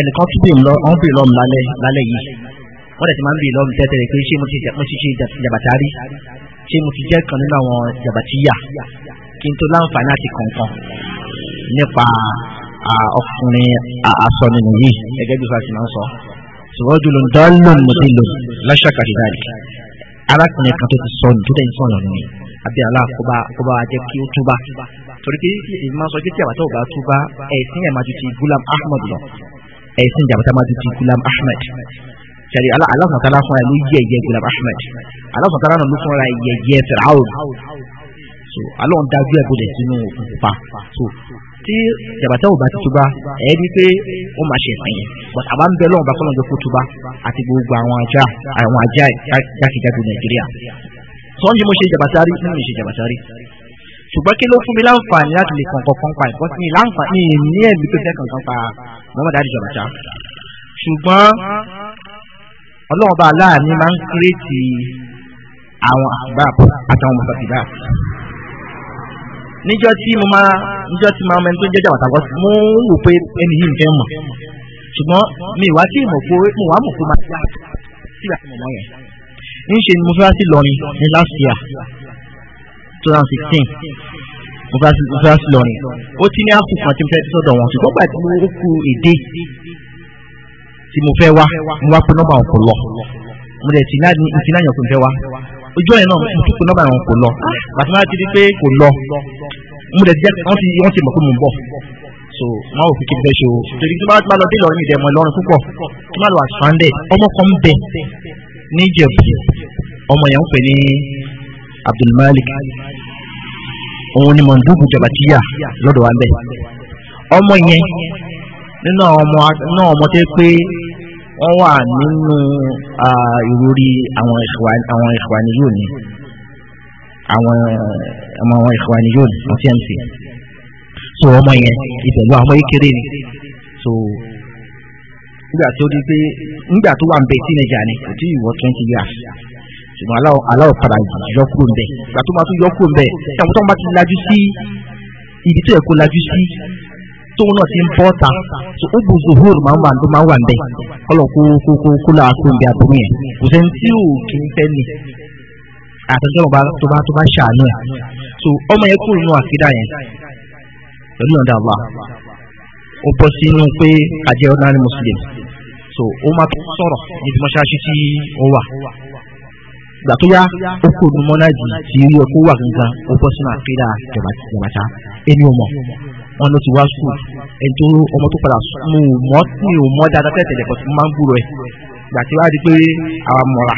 ẹnìkan tún bìí lọ wọn bìí lọmù lálẹ́ lálẹ́ yìí wọn dẹ̀ ti máa ń bìí lọmù tẹ́tẹ̀rẹ̀ pé ṣé mo ti ṣe jàbàtàrí ṣé mo ti jẹ́ kan nínú àwọn jàbàtíyà kí n tó láǹfààní àti kọ̀ọ̀kan nípa ọkùnrin àṣọ nínú yìí gẹ́gẹ́ bí fàṣẹ máa ń sọ ṣùgbọ́n jùlọ dọ́ọ̀lù mùsùlùm lọ́ṣọ̀kà dídáàdì arákùnrin kan tó ti sọ ní tó dẹ̀ ń sọ̀rọ̀ ní àbí aláàkóbá kóbá wa jẹ́ kí ó túbà torí pé èyí máa ń sọ pé tí àbátá ò bá túbà ẹ̀sìn ẹ̀ máa ju ti Gulam Ahmed lọ ẹ̀sìn jàbátá máa ju ti Gulam Ahmed sari Allah fún ẹ ló yẹ ẹyẹ Gulam Ahmed Allah Ta'ala náà ló fún ẹ yẹ ẹyẹ Fir'aun so Allah ń dájú ẹ bọlẹ sínú òkun pupa so tí jàbàtà ò bá ti túbá ẹ ẹ́ di pé ó máa ṣe ìpínyìn but àbá ń bẹ lọ́wọ́ bá fọlọ́njọ́ kó túbá àti gbogbo àwọn ajá àwọn ajá jákèjádò nàìjíríà sọ́njú mo ṣe jàbàtà rí mo ṣe jàbàtà rí ṣùgbọ́n kí ló fún mi láǹfààní láti lè kọ̀ǹkan kan pa ìkọ́sí mi láǹfààní ní ẹ̀mí tó fẹ́ kọ̀ǹkan pa Muhammad Ali jàbàtà ṣùgbọ́n ọlọ́ọ̀bá aláàánú máa ń kírètì àwọn àgbà àtàwọn mọ̀tàkìbà níjọ́ tí mo máa níjọ́ tí máa mẹni tó jẹ́ jàbàtà kọ́ sí mo ń wò pé ẹni yìí ń fẹ́ mọ̀ ṣùgbọ́n mi ìwà tí mo kó mo wà mọ̀ pé máa gbà sí àti mọ̀mọ́ yẹn níṣẹ́ ni mo fẹ́ sí lọ́rin ní last year two thousand sixteen mo fẹ́ sí mo fẹ́ sí lọ́rin ó ti ní àkùkù kan tí mo fẹ́ sí sọ́dọ̀ wọn ṣùgbọ́n gbà tí mo kú èdè tí mo fẹ́ wá mo wá pé nọ́mbà ọ̀pọ̀ lọ mo dẹ̀ ti ní ìfínà wá ojú ọ̀yẹ́ náà mo tún pe nọ́mbà àwọn kò lọ bàtí wọ́n ti di pé kò lọ mo lè jẹ́ wọ́n ti wọ́n ti mọ̀ pé mo ń bọ̀ so máa wò kíkí bẹ́ẹ̀ ṣe o torí tí wọ́n bá lọ bí lọ́rin ìdẹ̀mọ̀ lọ́rin púpọ̀ tí wọ́n lọ àṣàǹdẹ̀ ọmọ kan bẹ̀ ní Ìjẹ̀bú ọmọ yẹn ń pè ní Abdulmalik òun ni mọ̀ndúgù jabatiya lọ́dọ̀ wa bẹ̀ ọmọ yẹn nínú ọmọ náà ọmọ tẹ́ pé wọ́n wà nínú ìròrí àwọn ìṣòwàní yóò ní àwọn ọmọ àwọn ìṣòwàní yóò ní fún tmc so ọmọ yẹn ìtẹ̀lú àwọn ìkéré ni so nígbà tó di pé nígbà tó wà ń bẹ tínejà ni kò tí ì wọ twenty years ṣùgbọ́n aláwọ̀ aláwọ̀ padà yọ kúrò ń bẹ̀ ìgbà tó máa tún yọ kúrò ń bẹ̀ ṣàwọn tó máa ti lajú sí ibi tó yẹ kó lajú sí tóun náà ti ń bọ́ zuhur máa ń wà máa ń wà ń yẹn kò sẹ́ni tí ò kí ń fẹ́ ni tó bá tó bá ṣàánú ẹ̀ so ọmọ yẹn kúrò nínú àkídà yẹn pẹ̀lú ọ̀dà wa ó bọ́ sínú pé àjẹ́ ordinary muslim so ó máa tó sọ̀rọ̀ mọ́ṣáláṣí tí ó wà tó yá ó kò wọn ló ti wá sùn ẹni tó ọmọ tó padà sùn mo mọ mi ò mọ dáadáa tẹ́lẹ̀ tẹ́lẹ̀ pọ̀tù máa ń gbúrò ẹ̀ gbàtí wàá di pé àwa mọ̀ra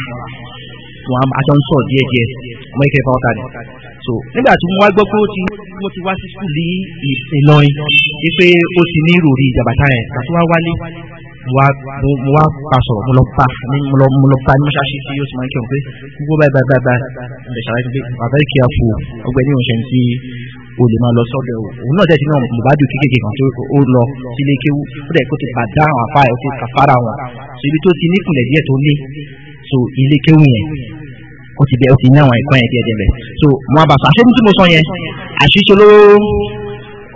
wọn aṣọ ń sọ díẹ̀ díẹ̀ ọmọ ìkẹyẹ fáwọn ta ni so nígbà tí mo wá gbọ́ pé ó ti mo ti wá sí sùn ní Ìlọrin wípé ó ti ní ìròrí ìjàmbá yẹn gbàtí wàá wálé mo wá pa sọ̀rọ̀ mo lọ pa mo lọ mo lọ pa ní mọ́ṣáṣí tí yóò ti máa ń kírun pé gbogbo báyìí báyìí báyìí báyìí ṣàlàyé pé bàbá ìkẹyà fò ọgbẹ́ni òun ṣe ń ti o lè máa lọ sọ́dọ̀ o òun náà tẹ̀sí náà Mohbad kékeré kan tó o lọ sílé kéwú ó dẹ̀ kó ti bá dá àwọn afá ẹ̀ ó ti kàfàrà wọn so ibi tó ti nípìnlẹ̀ díẹ̀ tó lé so ilé kéwú yẹn ó ti bẹ ó ti ní àwọn ẹ̀kọ́ yẹn díẹ̀ díẹ̀ bẹ̀ so mo àbàṣà ṣé tí mo sọ yẹn àṣìṣe ló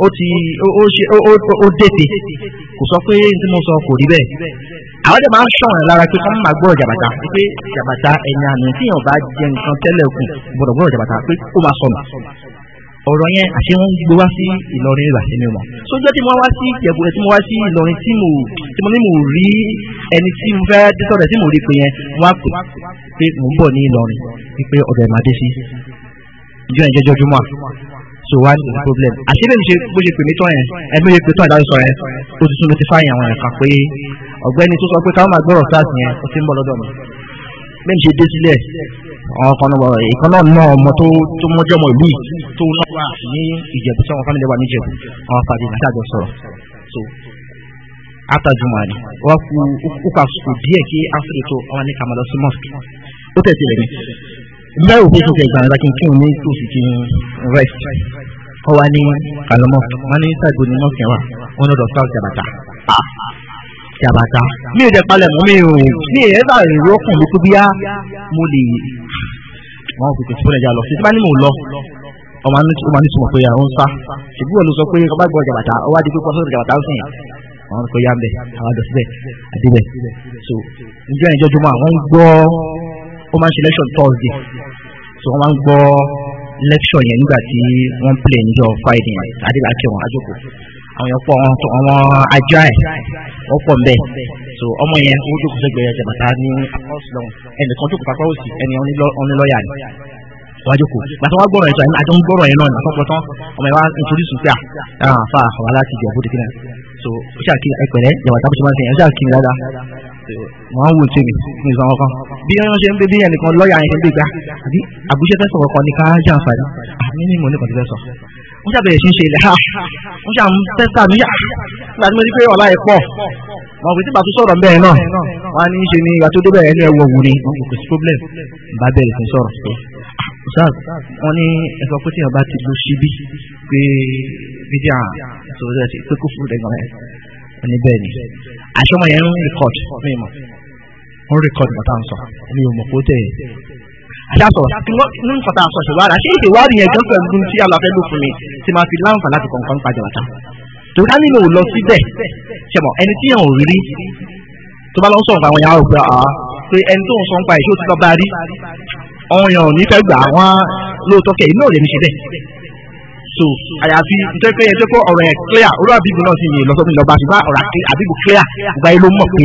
ó ti ó ṣe ó dètè kò sọ pé tí mo sọ kò rí bẹ́ẹ̀ àwọn dẹ̀ máa ń ṣọ̀rọ̀ lára pé kọ́ máa gbọ́rọ̀ jàbàtà pé jàbàtà ẹ̀yìn àná tí èèyàn bá jẹ nǹkan tẹ́lẹ̀ kù gbọ́dọ̀ gbọ́rọ̀ jàbàtà pé ó máa sọnù ọ̀rọ̀ yẹn àti wọ́n gbé wá sí Ìlọrin ìgbà sí mi mọ̀ sójú tí mo wá sí Ìjẹ̀bú tí mo wá sí Ìlọrin tí mo tí mo ní mo rí ẹni tí mo fẹ́ dé sọ̀rọ̀ tí mo rí pé yẹn wá pè pé mò ń bọ̀ ní Ìlọrin wípé ọ̀dọ̀ ẹ̀ sí ìjọ ìjọ ìjọ júmọ́ so wá ní problem àti bí mo ṣe bó ṣe pè mí tọ́ yẹn ẹ bí mo ṣe pè tọ́ ìdájọ́ sọ yẹn ó ti tún mi ti fáyìn àwọn ẹ̀ka pé ọ̀gbẹ́ni tó sọ pé káwọn máa gbọ́rọ̀ àwọn kan náà ìkan náà náà ọmọ tó tó mọ́jọ́ ọmọ ìlú yìí tó náà wà ní ìjẹ̀bù tí àwọn fámìlì wà ní ìjẹ̀bù àwọn pàdé àtàjọ sọ̀rọ̀ so àtàjùmọ̀ ni wọ́n kú ó kà sùkú díẹ̀ kí áfíríkà tó àwọn ní kàmọ́lọ́ sí mọ́sùkì ó tẹ̀ sílẹ̀ mi mẹ́rù pé kí n kẹgbà nígbà kí n kírun ní oṣù kí n rest ọ wá ní kàlọ́mọ́sùkì wọ́n ní sàgbó ní mọ́sùkì wà wọ́n lọ́dọ̀ south jabata àti àbàtà mi ò dẹ̀ palẹ̀ mọ́ mi ò ní èyẹ sà èrò ọkàn mi tó bíyá mo lè wọn kò tètè fún ẹja lọ títí bá ní lọ ọmọ ní sọmọ pé àwọn ń sá ṣùgbọ́n wọn ló sọ pé ọba gbọ́ jàbàtà ọwọ́ adé pípọ́ sọ́dọ̀ jàbàtà ń sìn àwọn kò yá ń àwọn àdó síbẹ̀ àdébẹ̀ so ǹjẹ́ ìjọ jọmọ àwọn ń gbọ́ ó máa ń ṣe lẹ́ṣọ̀ Thursday so wọ́n máa ń gbọ́ lẹ́ṣọ̀ yẹn nígbà tí wọ́n play níjọ́ Friday àdébàkẹ́ wọn àjòkò àwọn yẹn pọ̀ wọn ajá ẹ̀ ọ̀pọ̀ ń bẹ̀ so ọmọ yẹn ó dókòó sẹ́gbẹ̀ẹ́ jàbàtà ní ọ̀sùlọ̀ ẹnìkan tó kópa pọ́wọ́ sí ẹni onílọ́yà ni wájú kù gbàtọ́ wá gbọ́rọ̀ ẹ̀sọ́ àjọ ń gbọ́rọ̀ yẹn náà àkọ́kọ́ tán ọmọ ìwà nítorí sùpíà àfa àwọn aláti ìjọ bó dikínà so ó ṣàkí ẹpẹrẹ jàbàtà bó ṣe máa ń sẹyìn ó ṣàkí mi dáadáa mọ àwọn wòlíṣẹ mi fún ìsọmọ kan bí wọn ṣe ń bẹ bí ẹnìkan lọ́ọ̀yà yẹn ń bẹ gbà àbí àbúṣe fẹ́ sọ̀rọ̀ kan ní ká jẹ́ àǹfààní àmì ní ìmọ̀ nípa ti fẹ́ sọ wọ́n ṣàbẹ̀rẹ̀ sí ń ṣe ilẹ̀ ha wọ́n ṣà ń tẹ́sà bí nígbà tí mo ti pé ọ̀la ẹ̀ pọ̀ mọ̀ pé tíba tó sọ̀rọ̀ ń bẹ́ẹ̀ náà wọ́n á ní í ṣe ni ìgbà tó débẹ̀ ẹni ẹ̀wọ̀ wù ni kò sí problem bá bẹ̀rẹ̀ sí sọ̀rọ̀ pé ṣáà wọ́n ní ẹ̀fọ́ pé tí yàrá bá ti lo ṣíbí pé fídíà sọ̀rọ̀ ẹ̀ pé kó fún ẹ̀gbọ́n ẹ̀ ẹni bẹ́ẹ̀ ni àṣọmọ yẹn ń record mi mọ̀ ń record bàtà ń sọ mi ò mọ̀ kó tẹ̀ àṣàṣọ ní nǹkan tá a sọ ṣèwádìí àṣé ìṣèwádìí yẹn gẹ́gẹ́ pẹ̀lú tí àlàfẹ́ ló fún mi tí máa fi láǹfà láti kọ̀ǹkan pàjọ́ àtà tó ká nínú lọ síbẹ̀ ṣẹ̀mọ̀ ẹni tí yàn ò rí tó bá lọ sọ̀rọ̀ àwọn yàrá òkúta àá pé ẹni tó ń sọ ń pa ìṣó ti lọ bá rí ọyàn ò ní fẹ́ gbà wọ́n lóòótọ́ kẹ̀ iná lè ní ṣe bẹ́ẹ̀ so àyàfi nítorí pé ẹjọ́ kọ́ ọ̀rọ̀ ẹ̀ clear olú àbíbù náà sì yè lọ́sọ́dún ìlọba ṣùgbọ́n ọ̀rọ̀ àbíbù clear gba ilé mọ̀ pé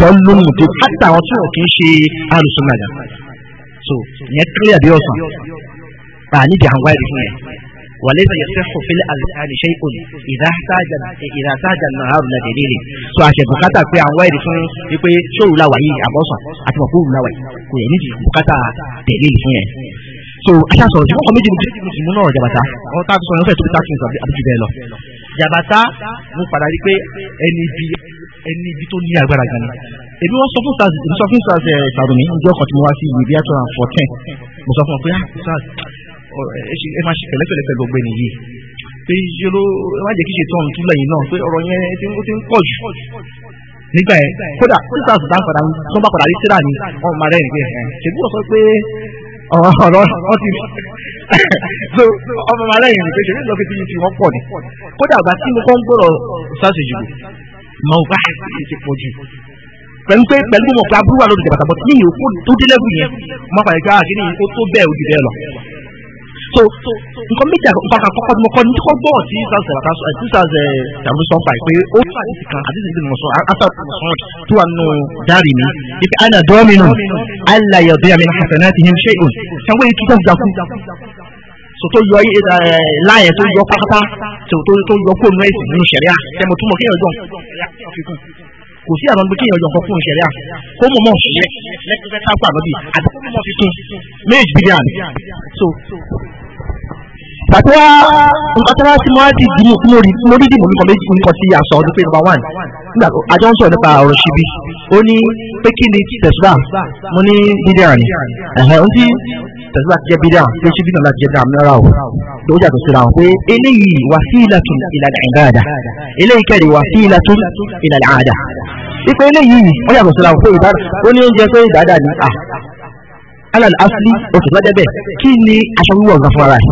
dọ́lóhùn tó káàtà àwọn tí wọn kì í ṣe alùsùn nàjà so ìyẹn clear bí ọ̀sán وليس يصح في الأذهان شيء إذا احتاج إذا احتاج النهار لدليل سو عشان بكاتا في عوائل فون يقول شو لا وعي أبوسا أتمكو لا وعي كو يعني بكاتا دليل فون so aṣa sọ̀rọ̀ tí wọn kọ méjì mú náà jabata ọ̀hún tá a fi sọ̀rọ̀ fẹẹ tó fi tá a fi sọ̀rọ̀ àbí jù bẹ́ẹ̀ lọ jabata mo padà rí pé ẹni ibi ẹni ibi tó ní agbára gan ni èmi wọn sọ fún sars èmi sọ fún sars ẹ sàrùmí ọjọ́ kan tí mo wá sí ibi bí i two thousand fourteen mo sọ fún ọ pé ah sars ẹ eh, eh, eh, máa ṣe pẹ̀lẹ́pẹ̀lẹ́ pẹ̀lú ọgbẹ́ni yìí pé ìṣòro ẹ má jẹ́ kí ṣe tọ́hún túlẹ̀ yìí náà pé ọ̀rọ̀ yẹn ó ti ń pọ̀ jù nígbà yẹn kódà títà sùdán padà tó bá padà rí tíra ní ọmọ màrẹ́ nìgbẹ́ ṣèbí wọ́n sọ pé ọ̀rọ̀ wọ́n ti so ọmọ màrẹ́ yìí nìgbẹ́ ṣèbí lọ́ọ́ fi ti ti wọ́n pọ̀ ni kódà àgbà tí mo kọ́ ń gbọ́dọ̀ sáṣejù mọ̀ bá ti pọ̀ jù pẹ̀lú pé pẹ̀lú mọ̀ pé aburú wà lórí ìjàpàtàbọ̀ tí mi ò kó tó délẹ́gùn yẹn mo máa pàdé pé àṣírí ah, yìí kó tó bẹ́ẹ̀ òjì bẹ́ẹ̀ lọ so nǹkan méjì nǹkan àkọ́kọ́ tí mo kọ́ ní tí kò gbọ́ tí sars sars dàrú sọ pa pé ó fà ní ti kan àti ti ti mọ̀ sọ asa mọ̀ sọ tó wà nù dárì mi ibi àná dọ́mínù alayọ̀dé àmì hasanà ti hin ṣéyìn sanwó-ẹ̀ tó tó gbàkú tó yọ eh, láyẹ̀ tó yọ pátápátá tó yọ kó nù ẹ̀sìn nínú ṣẹ̀ríà tẹ̀mọ̀ túmọ̀ kéèyàn jọ̀ kò sí àwọn ọmọdé kéèyàn yọ̀ǹkan fún ìṣẹ̀lẹ̀ à kó mọ̀ mọ̀ ṣẹlẹ̀ lẹ́gbẹ̀ẹ́ sáfà lọ́bì àti kó mọ̀ mọ̀ fi tún méjì bíi so pàtó wa nǹkan tí wọ́n ti di mo di dìmú nǹkan méjì nǹkan tí àṣọ ọdún pé number one nígbà tó àjọ ń sọ̀rọ̀ nípa ọ̀rọ̀ ṣíbí ó ní pé kí ni tẹ̀síbà mo ní bídíà ni ẹ̀hẹ́ ó ti tẹ̀síbà ti jẹ́ bídíà pé ṣíbí náà láti jẹ́ bídíà mẹ́ra o ló yàtọ̀ síra wọn pé eléyìí wasilatun ila al-ibada eléyìí kẹ́rì wasilatun ila al-ada ipe eléyìí ó yàtọ̀ síra wọn pé ìbára ó ní alal asli oṣù tó dẹ́bẹ̀ kí ni aṣọ wíwọ̀ gan fúnra rẹ̀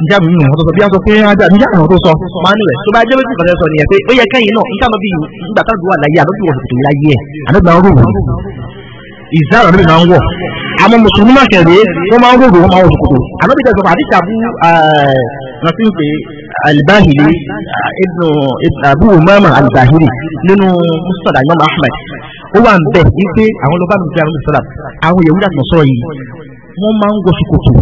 níjàmbá mi wọn tó sọ bí wọn sọ pé ajá níjàmbá wọn tó sọ manuel tó bá jẹ́wé tí ìfọ̀sẹ̀ sọ nìyẹn pé ó yẹ kẹ́yìn náà nígbà náà bí nígbà tá a dùn wà láyé àná bí wọn kò láyé ẹ̀ àná bí wọn rò wọ́n ìzára ló máa ń wọ̀ àwọn mùsùlùmí máa kẹ̀lé wọ́n máa ń rò wọ́n máa ń wọ̀ ṣòkòtò àná bí kẹsàn-án àti tàbú nàfíù pé alibahiri ibnu abu umama alibahiri nínú mustad imam ahmed ó wà ń bẹ̀ wípé àwọn lọ́ba mi ti àwọn ìsọ̀lá àwọn yẹ̀wù dàtọ̀ sọ̀rọ̀ yìí wọ́n máa ń wọ ṣòkòtò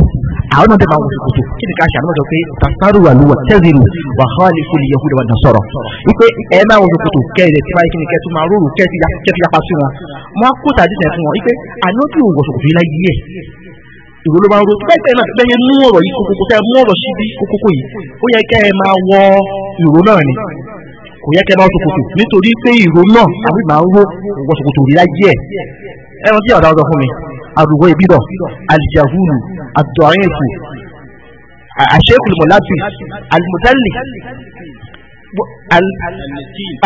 àwọn náà dẹ̀ máa wọ ṣòkòtò kí ni ká ṣe àwọn ọ̀dọ́ pé tasaru wà lúwà tẹ́sílù wà hàlì fún ìyẹ̀wù dàwà nasọ̀rọ̀ wípé ẹ máa wọ ṣòkòtò kẹ́ẹ̀rẹ̀ tí wáyé kí ni kẹ́tù máa rúurú kẹ́ẹ̀tì yapa sí wọn wọ́n á kó tàdí sẹ̀ fún wọn wípé àná tí ò wọ ṣòkòtò yìí láyé ẹ̀ ìwé ló máa ń ro bẹ́ẹ̀ náà bẹ́ẹ̀ yẹn mú ọ̀rọ̀ yìí kókókó kẹ́ mú ọ̀rọ̀ síbi kókókó yìí ó yẹ kẹ́ ẹ máa wọ ìró náà ni kò yẹ kẹ́ máa ṣòkòtò nítorí pé ìró náà àbí màá ń wo òwò ṣòkòtò rí láyé ẹ ẹran tí ọ̀dà ọ̀dọ̀ fún mi àrùwọ ìbílọ̀ àlìjàhùrù àdùáyẹ̀tù àṣẹ́kùlùmọ̀lábì àlùmọ̀dálì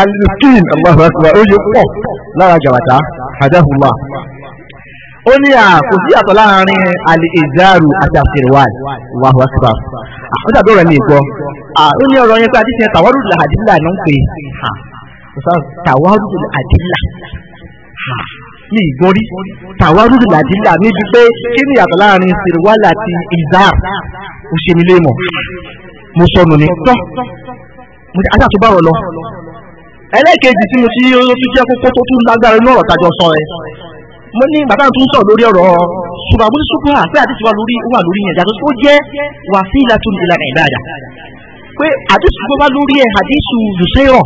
alimutin Allahu akbar ó yẹ pọ̀ lára jàbàtà hadahullah ó ní à kò sí àtọ̀ láàrin alìjáàrù àti àfẹ̀wàl Allahu akbar ó dàbí ọ̀rọ̀ mi gbọ́ ó ní ọ̀rọ̀ yẹn pé àdìsí yẹn tàwárù àdìlà ló ń pè tàwárù ní ìgbórí tàwárù níbi pé kí ni ìyàtọ̀ láàrin sirwal àti izar mo sọnù ní tọ́ ajá tó bá rọ lọ ẹlẹ́ẹ̀kejì tí mo ti yí ó jẹ́ kókó tó tún lágbára inú ọ̀rọ̀ mo ní bàbá tó ń sọ lórí ọ̀rọ̀ ṣùgbọ́n àbúrò ṣùgbọ́n àti àdìsí wa lórí wà lórí yẹn yàtọ̀ ó jẹ́ wasilatun ila ibada pé àdìsí wa lórí ẹ̀ àdìsí lùsẹ́rọ̀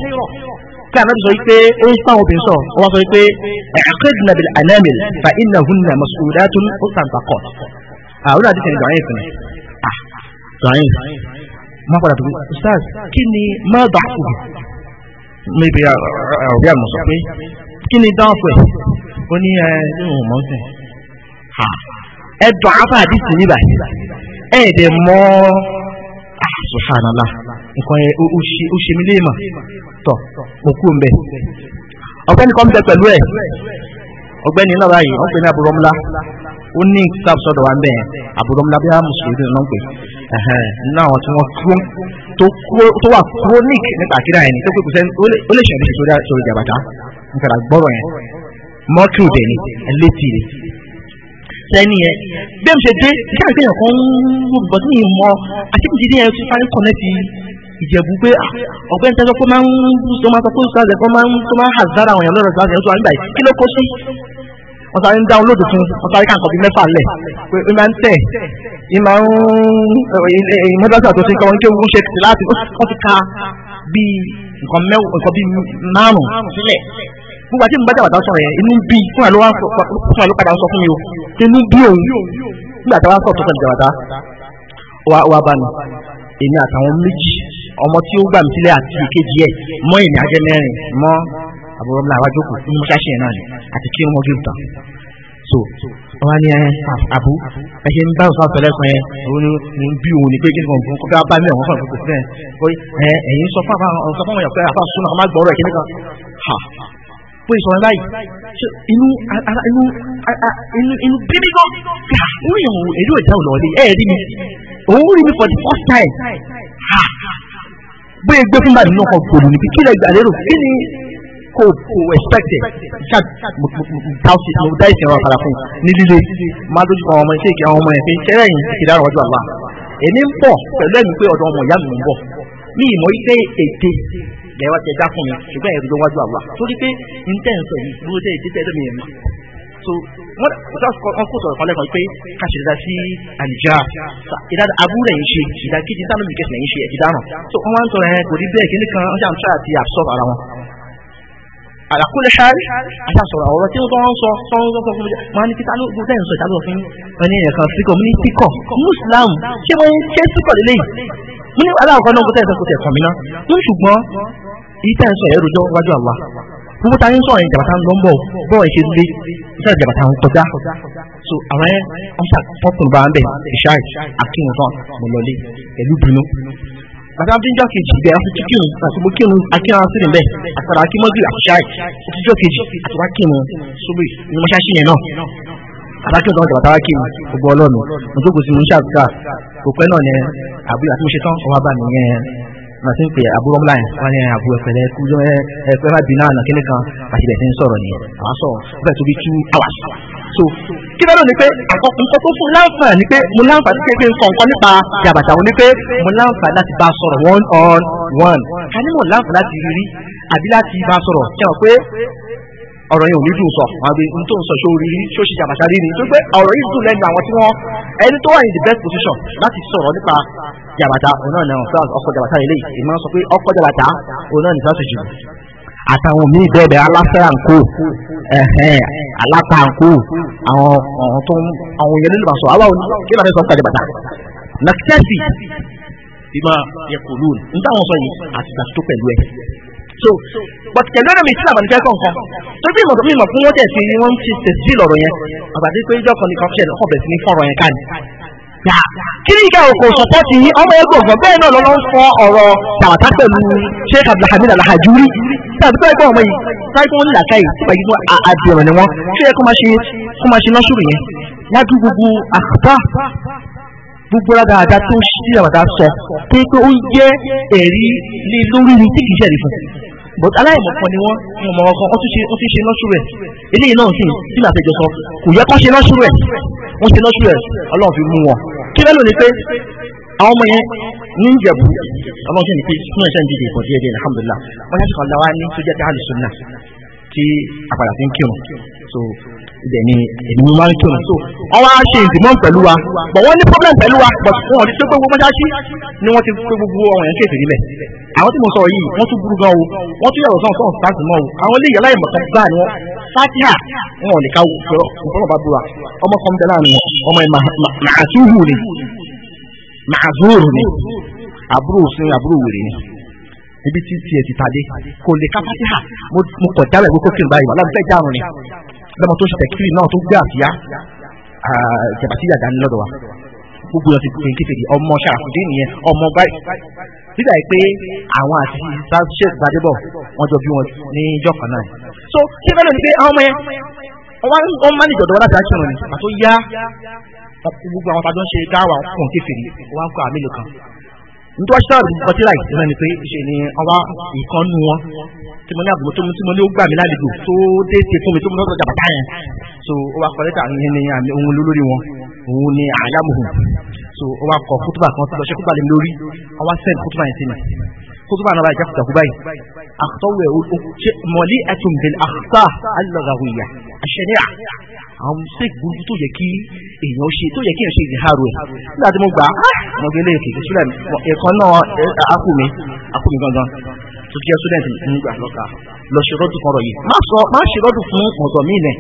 pé àná sọ pé ó ń fáwọn obìnrin sọ ó wá sọ pé ẹ̀ẹ́dínà bil anamil fa innahunna mas'ulatun ó sàǹtàkọ̀ àwọn àdìsí ni dọ̀ọ́yìn fún mi dọ̀ọ́yìn má padà tó ustaz kí ni má dàkú mi bí i àwòrán mọ̀ sọ pé kí ni dáhùn fún ẹ̀ ó ní ẹ ní òun mọ́ sẹ̀ ẹ dùn àbá àdìsí níbà ẹ dẹ̀ mọ́ ah, subhanallah nǹkan yẹn ó ṣe mí léèmọ̀ tọ̀ òkú ń bẹ̀ ọ̀gbẹ́ni kan bẹ pẹ̀lú ẹ̀ ọ̀gbẹ́ni náà báyìí wọ́n pè ní àbúrò ó ní sáà sọ́dọ̀ wa ń bẹ̀ bí a mùsùlùmí náà pè nínú àwọn tí wọ́n kúrò tó wà chronic nípa àkírà ẹni tó pé kò sẹ́ni ó lè ṣàbíṣe sórí ìjàbàtà nǹkan àgbọ̀rọ̀ yẹn mọ́tò dẹ̀ ni létí rẹ̀ sẹ́ni yẹn bẹ́ẹ̀ ṣe dé ìṣe àgbẹ̀ yẹn kan ń wò bọ̀ sí ìmọ̀ àti kìí ṣe yẹn tún fáyín kọ́nẹ́tì ìjẹ̀bú pé ọ̀gbẹ́ ń tẹ́sọ́ pé máa ń tó máa sọ pé oṣù àgbẹ̀ kan máa ń tó máa ń hazara àwọn èèyàn lọ́dọ̀ tó àgbẹ̀ oṣù àgbẹ̀ kí ló kó sí wọ́n sáré ń dáwọn lóòdù fún wọ́n sáré káàkọ́ bíi mẹ́fà lẹ̀ pé ó máa ń tẹ̀ ẹ máa ń mọ́dọ́sà tó ti kọ́ wọn kí wọ́n ṣe láti wọ́n ti ka bíi nǹkan mẹ́wọ̀n nǹkan bíi márùn-ún sílẹ̀ nígbà tí mo bá jàbàtà sọ̀rọ̀ yẹn inú bí fún àlọ́ padà sọ fún mi o inú bí òun nígbà tí wọ́n sọ̀rọ̀ tó kàn jàbàtà wà bá mi èmi àtàwọn méjì ọmọ tí ó gbà mí sílẹ̀ àti ìkejì ẹ̀ mọ́ èmi ajẹ́ mẹ́rin mọ́ àbúrò ńlá àwájú kù ní mọ́ṣáṣí ẹ̀ náà ni àti kí wọ́n gé ìtàn so wọn ni ẹ àbú ẹ ṣe ń bá òsán àtọlẹ kan ẹ òun ni bí òun ni pé kí n kàn fún kókè abá mi àwọn fún àkókò fún ẹ ẹ ẹyin sọ fún àwọn sọ fún àwọn yàtọ̀ àfa súnà ọmọ àgbọrọ ẹ kí n ha pé ìsọ̀rọ̀ báyìí inú inú bíbí gan fi àwọn èèyàn èdè òjá ọ̀nà ọ̀lẹ́ ẹ̀ rí mi òun rí mi for the first time bóyá gbé fún bàbá náà kan gbòòrò níbi kí lè gbà lérò kí ni kò kò expected ṣá dáwọ́sì mo dá ìsìn ọ̀rọ̀ àkàrà fún ní líle máa dojú kan ọmọ iṣẹ́ ìkẹ́ àwọn ọmọ ẹ̀ fi ń kẹ́rẹ́ yìí ti dára ọjọ́ àbá èmi ń bọ̀ pẹ̀lú ẹ̀mí pé ọ̀dọ̀ ọmọ ìyá mi ń bọ̀ ní ìmọ̀ iṣẹ́ ète lẹ́wà tẹ dá fún mi ṣùgbọ́n ẹ̀rù ló wájú àwa torí pé n tẹ̀ ń sọ yìí dúró tẹ̀ tẹ̀ lómi ẹ̀ wọ́n wọ́n kó sọ̀rọ̀ kan lẹ́kọ̀ọ́ pé ká ṣe dáadáa sí àlìjá ìdájọ́ abúlé yìí ṣe ìdákejì sáà lómi kẹsàn-án yìí ṣe ẹ̀jẹ̀ dáná so wọ́n wá ń sọ̀rọ̀ yẹn kò rí bẹ́ẹ̀ kíní kan ọjà ń try àti absorb ara wọn. àlàkùnlé ṣáárì àti ọ̀rọ̀ tí wọ́n sọ sọ́wọ́n sọ fún mi wọ́n ní mo ní aláwọ̀kọ́ náà kúta ẹ̀sẹ̀ kúta ẹ̀kọ́ mi náà mo ní ṣùgbọ́n ìtẹ́ ẹ̀sọ̀ ẹ̀rù jọ wájú àwa gbogbo ta ń sọ ẹ̀yìn jàbàtà ń lọ ń bọ̀ bọ́ọ̀ ẹ̀ṣẹ̀ lé iṣẹ́ jàbàtà ń kọjá so àwọn ẹ̀ ń sàkóso bá ń bẹ̀ ìṣáì akínwòtán mo lọ lé pẹ̀lú bínú bàtà fi ń jọ kejì bẹ àti kíkìrun àti mo kírun akínwá sílẹ̀ bẹ́ẹ̀ àtàrà akínmọ́jú àti ṣáì ó ti kejì àti wá àtàkì ọ̀dọ́ ọ̀dọ̀ àtàwákì gbogbo ọlọ́nu mo tó sí oníṣẹ́ àtúntà kò pẹ́ náà yẹn àbúrò àti oṣù tán ọwọ́ bá mi yẹn màtí ń pè àbúrò ọmọlá wọn yẹn àbúrò ẹ̀fẹ̀ lẹ́kúnjọ́ ẹ̀fẹ̀ má bínú àná kíní kan àti ìbẹ̀tẹ̀ sọ̀rọ̀ nìyẹn àwọn sọ̀rọ̀ bẹ́ẹ̀ tó bí two hours. so kí lọ́dọ̀ ni pé nǹkan tó fún láǹfààní ni pé mo láǹfààní kékeré nǹkan kan nípa jàbàtà òun ni pé mo láǹfààní láti bá a sọ̀rọ̀ one on one. a ní mo láǹfààní láti rí àbí láti bá a sọ̀rọ̀ ọ̀rọ̀ yẹn ò ní dùn sọ wọn àbí n tó ń sọ ṣóorí rí ṣóṣì jàbàṣà rí ni tó pé ọ̀rọ̀ yìí dùn lẹ́nu àwọn tí wọ́n ẹni tó wà ní the best position láti sọ̀rọ̀ nípa jàbàtà òun náà ni ọkọ̀ jàbàtà yìí lẹ́yìn ìmọ̀ sọ pé ọkọ̀ jàbàtà òun náà ni sáṣù jù àtàwọn míì bẹ́ẹ̀ bẹ́ẹ̀ aláfẹ́ àǹkó aláta àǹkó àwọn ọ̀hún tó ń àwọn yẹn nílùú àṣọ àwọn kí lóore sọ ń kàdé bàtà nàkítẹ́sì ìmọ̀ yẹ kò lóun ń táwọn sọ yìí àti ìgbà tó pẹ̀lú ẹ̀ so but kẹ̀lú ẹ̀rọ mi sí àbànújẹ́ kọ̀ọ̀kan tó bí ìmọ̀ mímọ̀ fún wọ́n tẹ̀ sí ni wọ́n ti tẹ̀sí lọ́rọ̀ yẹn àbàdí pé ìjọ kan ní kan ṣẹlẹ̀ kọ̀ bẹ̀ sí ní fọ̀rọ̀ yẹn káàdì. kí ni ìka òkò sọpọ́ọ̀tì yín ọmọ ẹgbẹ́ ògbọ́n bẹ́ẹ̀ náà lọ́lọ́ ń fọ ọ̀rọ̀ tààtà pẹ̀lú Sheikh Abdulhamid Alhajuri tàbí pé ẹgbẹ́ ọmọ yìí táyé tí wọ́n nílà káyì tí bàjẹ́ fún àdìrọ̀ ni wọ́n ṣé kó máa ṣe kó máa ṣe lọ́sùrù yẹn wájú gbogbo àkùtà gbogbo rádaràda tó ṣí àbàdà sọ pé pé ó jẹ́ ẹ̀rí lórí ni tí kì í ṣẹ̀rí fún un but aláìmọ̀kan ni wọ́n ń mọ ọkàn ó tún ṣe lọ́ṣù rẹ̀ eléyìí náà sì sí làtẹ̀jọ sọ kò yẹ kó ṣe lọ́ṣù rẹ̀ wọ́n ṣe lọ́ṣù rẹ̀ ọlọ́run fi mú wọn. kí lẹ́nu ni pé àwọn ọmọ yẹn ní ń jẹ̀bù ọlọ́run sì ní pé fún ẹ̀ṣẹ̀ ń dìde ìpọ̀ díẹ̀ díẹ̀ alhamdulillah wọ́n yẹ kí ọ̀la wa ní tó jẹ́ tí a lè sùn náà tí àpàdà fi ń kírun so ibẹ̀ ni èmi máa ń kírun wọ́n wá ṣe ìdìmọ́ pẹ̀lú wa bọ̀ wọ́n ní problem pẹ̀lú wa bọ̀ wọn ò ní tó gbogbo mọ́ṣáṣí ni wọ́n ti pé gbogbo ọ̀rọ̀ yẹn ṣèṣì nílẹ̀ àwọn tí mo sọ yìí wọ́n tún burú gan o wọ́n tún yàrá sọ̀rọ̀ sọ̀rọ̀ sáàtì mọ́ o àwọn ilé ìyàlá ìmọ̀ta gbà ni wọ́n fátíà wọn ò ní ká sọ̀rọ̀ ìfọ̀rọ̀ bá búra ọmọ kan bẹ láàrin wọn ọmọ ẹ̀ màásùhù ni màásùhù ni àbúrò òsín àbúrò wèrè ni ibi tí tiẹ̀ ti tàdé kò lè ká fátíà mo kọ̀ jálẹ̀ gbogbo kí n báyìí wà láti fẹ́ járun ni lọ́mọ tó ń ṣe tẹ̀kífìrì náà tó gbé àfíà jàbàtí yàgá ní lọ́dọ̀ wa gbogbo ọ̀sẹ̀ tó ń kéfèrè ọmọ ṣàkùdé nìyẹn ọmọ báyìí nígbà pé àwọn àti ṣe gbadébọ̀ wọ́n jọ bí wọn ní ìjọ kan náà so ṣé bẹ́ẹ̀ lónìí pé àwọn ọmọ yẹn wọ́n máa ní ìjọ̀dọ̀ wọn láti àṣìwọ̀n ni àtó yá gbogbo àwọn tàbí wọn ṣe gáwà fún kéfèrè wọn kọ àmì nítorí sáà rẹ̀ kọtí láì ìrẹ́ ni pé ṣe ni ọba ìkan nu wọn tí mo ní àbúrò tó mo ní ó gbà mí lálejò tó dé ṣe fún mi tó mo lọ́dọ̀ jàbàtà yẹn so ó wá kọ lẹ́tà ní ní àmì ohun olólórí wọn òun ni àyàmùhùn so ó wá kọ kútùbà kan tó lọ ṣe kútùbà lèmi lórí ó wá kútùbà yẹn sí mi kútùbà náà báyìí jákèjá kúbáyì àtọ́wẹ̀ mọ̀lí ẹ̀tùn àkùtà alọ́gàwìyà àṣẹ àwọn mistake burúkú tó yẹ kí èèyàn ṣe tó yẹ kí èèyàn ṣe ìdíhàrò ẹ̀ nígbà tí mo gbà mo gbé léèké sílẹ̀ ẹ̀kọ́ náà akú mi akú mi gangan tó jẹ́ student nígbà lọ́ka lọ ṣe rọ́dù kan rọ̀ yìí má sọ má ṣe rọ́dù fún ọ̀dọ̀ mi nẹ̀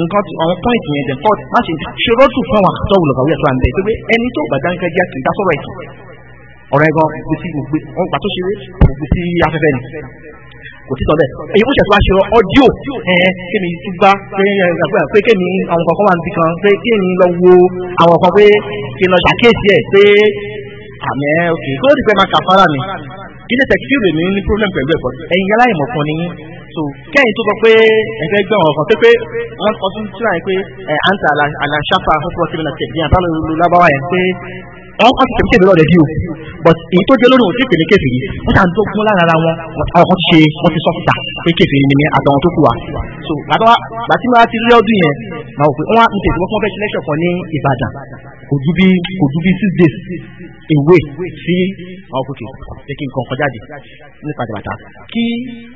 nǹkan tí àwọn point yẹn dẹ̀ tọ́t má ṣe rọ́dù fún àwọn àtọ́ wùlọ̀ kàwé ẹ̀tọ́ àǹdẹ̀ pé ẹni tó gbàdá ń kẹjá kì í dá sọ́rọ̀ ẹ̀kì ọ̀rọ̀ ẹ̀gàn gbèsè gbèsè wọn gbà tó ṣeré gbèsè afẹ́fẹ́ ni kò sí sọ bẹ́ẹ̀ èyí fún ṣẹ̀tún aṣọ ọdíò ẹ̀ẹ́n kémi ti bá pé kémi àwọn kankan wà níbi kan pé kémi lọ wo àwọn kan pé kí n lọ ṣàkíyèsí ẹ̀ pé àmì ẹ̀ òkè tó ló ti pẹ́ máa kà fara mi kí ni tẹ̀kí rèmi ní problem pẹ̀lú ẹ̀kọ́ ẹ̀yin aláìmọ̀ kan ni so kẹ́yìn tó sọ pé ẹ̀fẹ́ gbọ́n ọ̀kan pé pé wọ́n sọ fún tíra yẹn pé àǹtà àlàṣàfà fún àwọn kan ti tẹ̀lé tẹ̀lé lọ́dẹ̀ bí o but èyí tó jẹ́ lónìí òtí tẹ̀lé kẹfìrí wọ́n ṣàn tó kún lára ara wọn àwọn ṣe wọ́n ti sọ fìtà pé kẹfìrí ni àtàwọn tó kù wa so bàbá bàtí máa ti rí ọdún yẹn máa wò pé wọ́n á ń tètè wọ́n fẹ́ ṣe kan ní Ìbàdàn kò ju bí kò ju bí six days away sí ọkùnkùn jẹ́ kí n kàn kọjá di nípa ìbàtà kí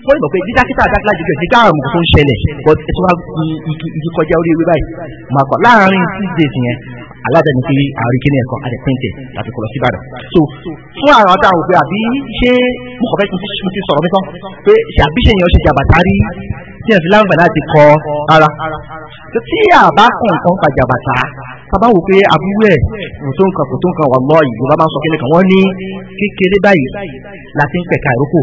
wọ́n lè mọ̀ pé dídákítà dákítà jù jẹ́ ká àrùn tó ń ṣẹlẹ̀ but ẹ tí wọ́n á igi kọjá orí ewé báyìí máa kọ́ láàárín six days yẹn aládàá ni pé àárín kíní ẹ̀kọ́ àti pẹ́ǹtẹ̀ láti kọ́ lọ sí Ìbàdàn so fún àwọn ọ̀dà òwe àbí ṣé mo kọ̀ fẹ́ mo ti sọ̀rọ̀ mi tán pé àbí ṣe èèyàn ṣe jàbàtà rí tí èèyàn fi láǹfààní láti kọ ara tí àbá kàn kan fa jàbàtà sábà wò pé àbúrò ẹ̀ kò tó nǹkan kò tó nǹkan wà lọ́ọ̀yì yorùbá máa ń sọ kíni kan wọ́n ní kékeré báyìí láti ń pẹ̀ka ìrókò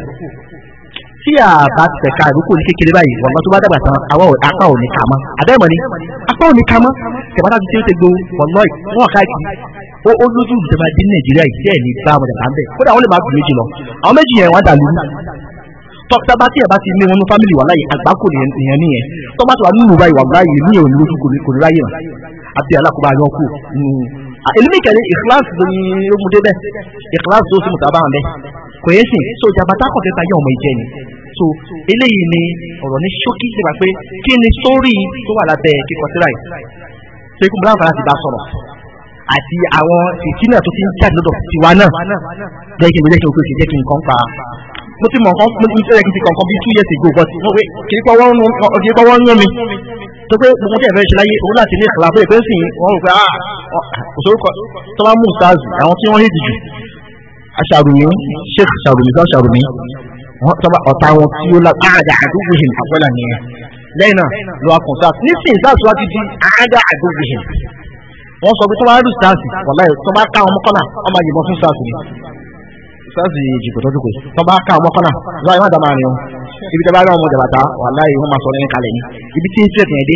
tí a bá pẹ̀ka ìrókò ní kékeré báyìí wọ́n tó bá dàgbà tán àwa apá ò ní ká mọ́ àbẹ́mọ̀ ni kama ò ní ká mọ́ tẹ̀bátà ti ṣe gbó wọ́n lọ́ọ̀yì wọ́n káàkiri ó ó lójú ìjọba dín nàìjíríà yìí bẹ́ẹ̀ ni bá wọn dàgbà ń bẹ̀ kódà wọ́n lè má gbìyànjú lọ àwọn méjì yẹn wọ́n dà lóru tọ́ba tí ẹ bá ti ní wọn ní fámìlì wà láyé àgbákò nìyẹn nìyẹn tọ́ba tí wà nínú báyìí wà láyé ní òní lójú kò ní ráyè náà àbí alákòóbá yọ kù èlùmí kẹlẹ ìkíláàsì ló ní ọmọ débẹ̀ ìkíláàsì tó sì mú sábà rẹ kò yẹ sìn so jàbátà kọfẹ ta yẹ ọmọ ìjẹ ni so eléyìí ni ọ̀rọ̀ ní ṣókí ṣe wá pé kí ni sórí tó wà lábẹ́ kíkọ síra yìí ṣé kí n bá ń fara ti bá sọ̀rọ̀ àti àwọn ìkíni àti tí ń jáde lọ́dọ̀ tiwa náà jẹ́ kí n jẹ́ kí n kó jẹ́ kí n kàn pa mo ti mọ̀ nǹkan mo ti ń sẹ́yìn kí n ti kàn kan bí two years ago but kì í pọ̀ wọ́n ń yán mi tó pé gbogbo tí ẹ fẹ́ ṣe láyé òun láti ní ìkàlà fún ìpín sìn wọn rò pé ah òṣòrùkọ tó bá mú sáàzì àwọn tí wọ́n rí dìjù aṣàrùmí sheikh aṣàrùmí sọ aṣàrùmí ọ̀tá wọn tí ó lágbá ah, àdá àdúgbò hìn àpẹ́là nìyẹn lẹ́yìn náà lọ akùn sáàsì nísìnyí sáàsì wá ti di àádá àdúgbò hìn wọ́n sọ pé tó bá rí sáàsì wàláyé tó bá ká ọmọ kọ́nà ọmọ yìí mọ́ fún sáàsì ni sáàsì jìkòtọ́jùkò tó bá ká ọmọ kọ́nà láì má dá máa rìn o ibi tẹ́ bá rí ọmọ jàbàtà wàláhì wọ́n máa sọ ní kalẹ̀ ni ibi tí hatred yẹn dé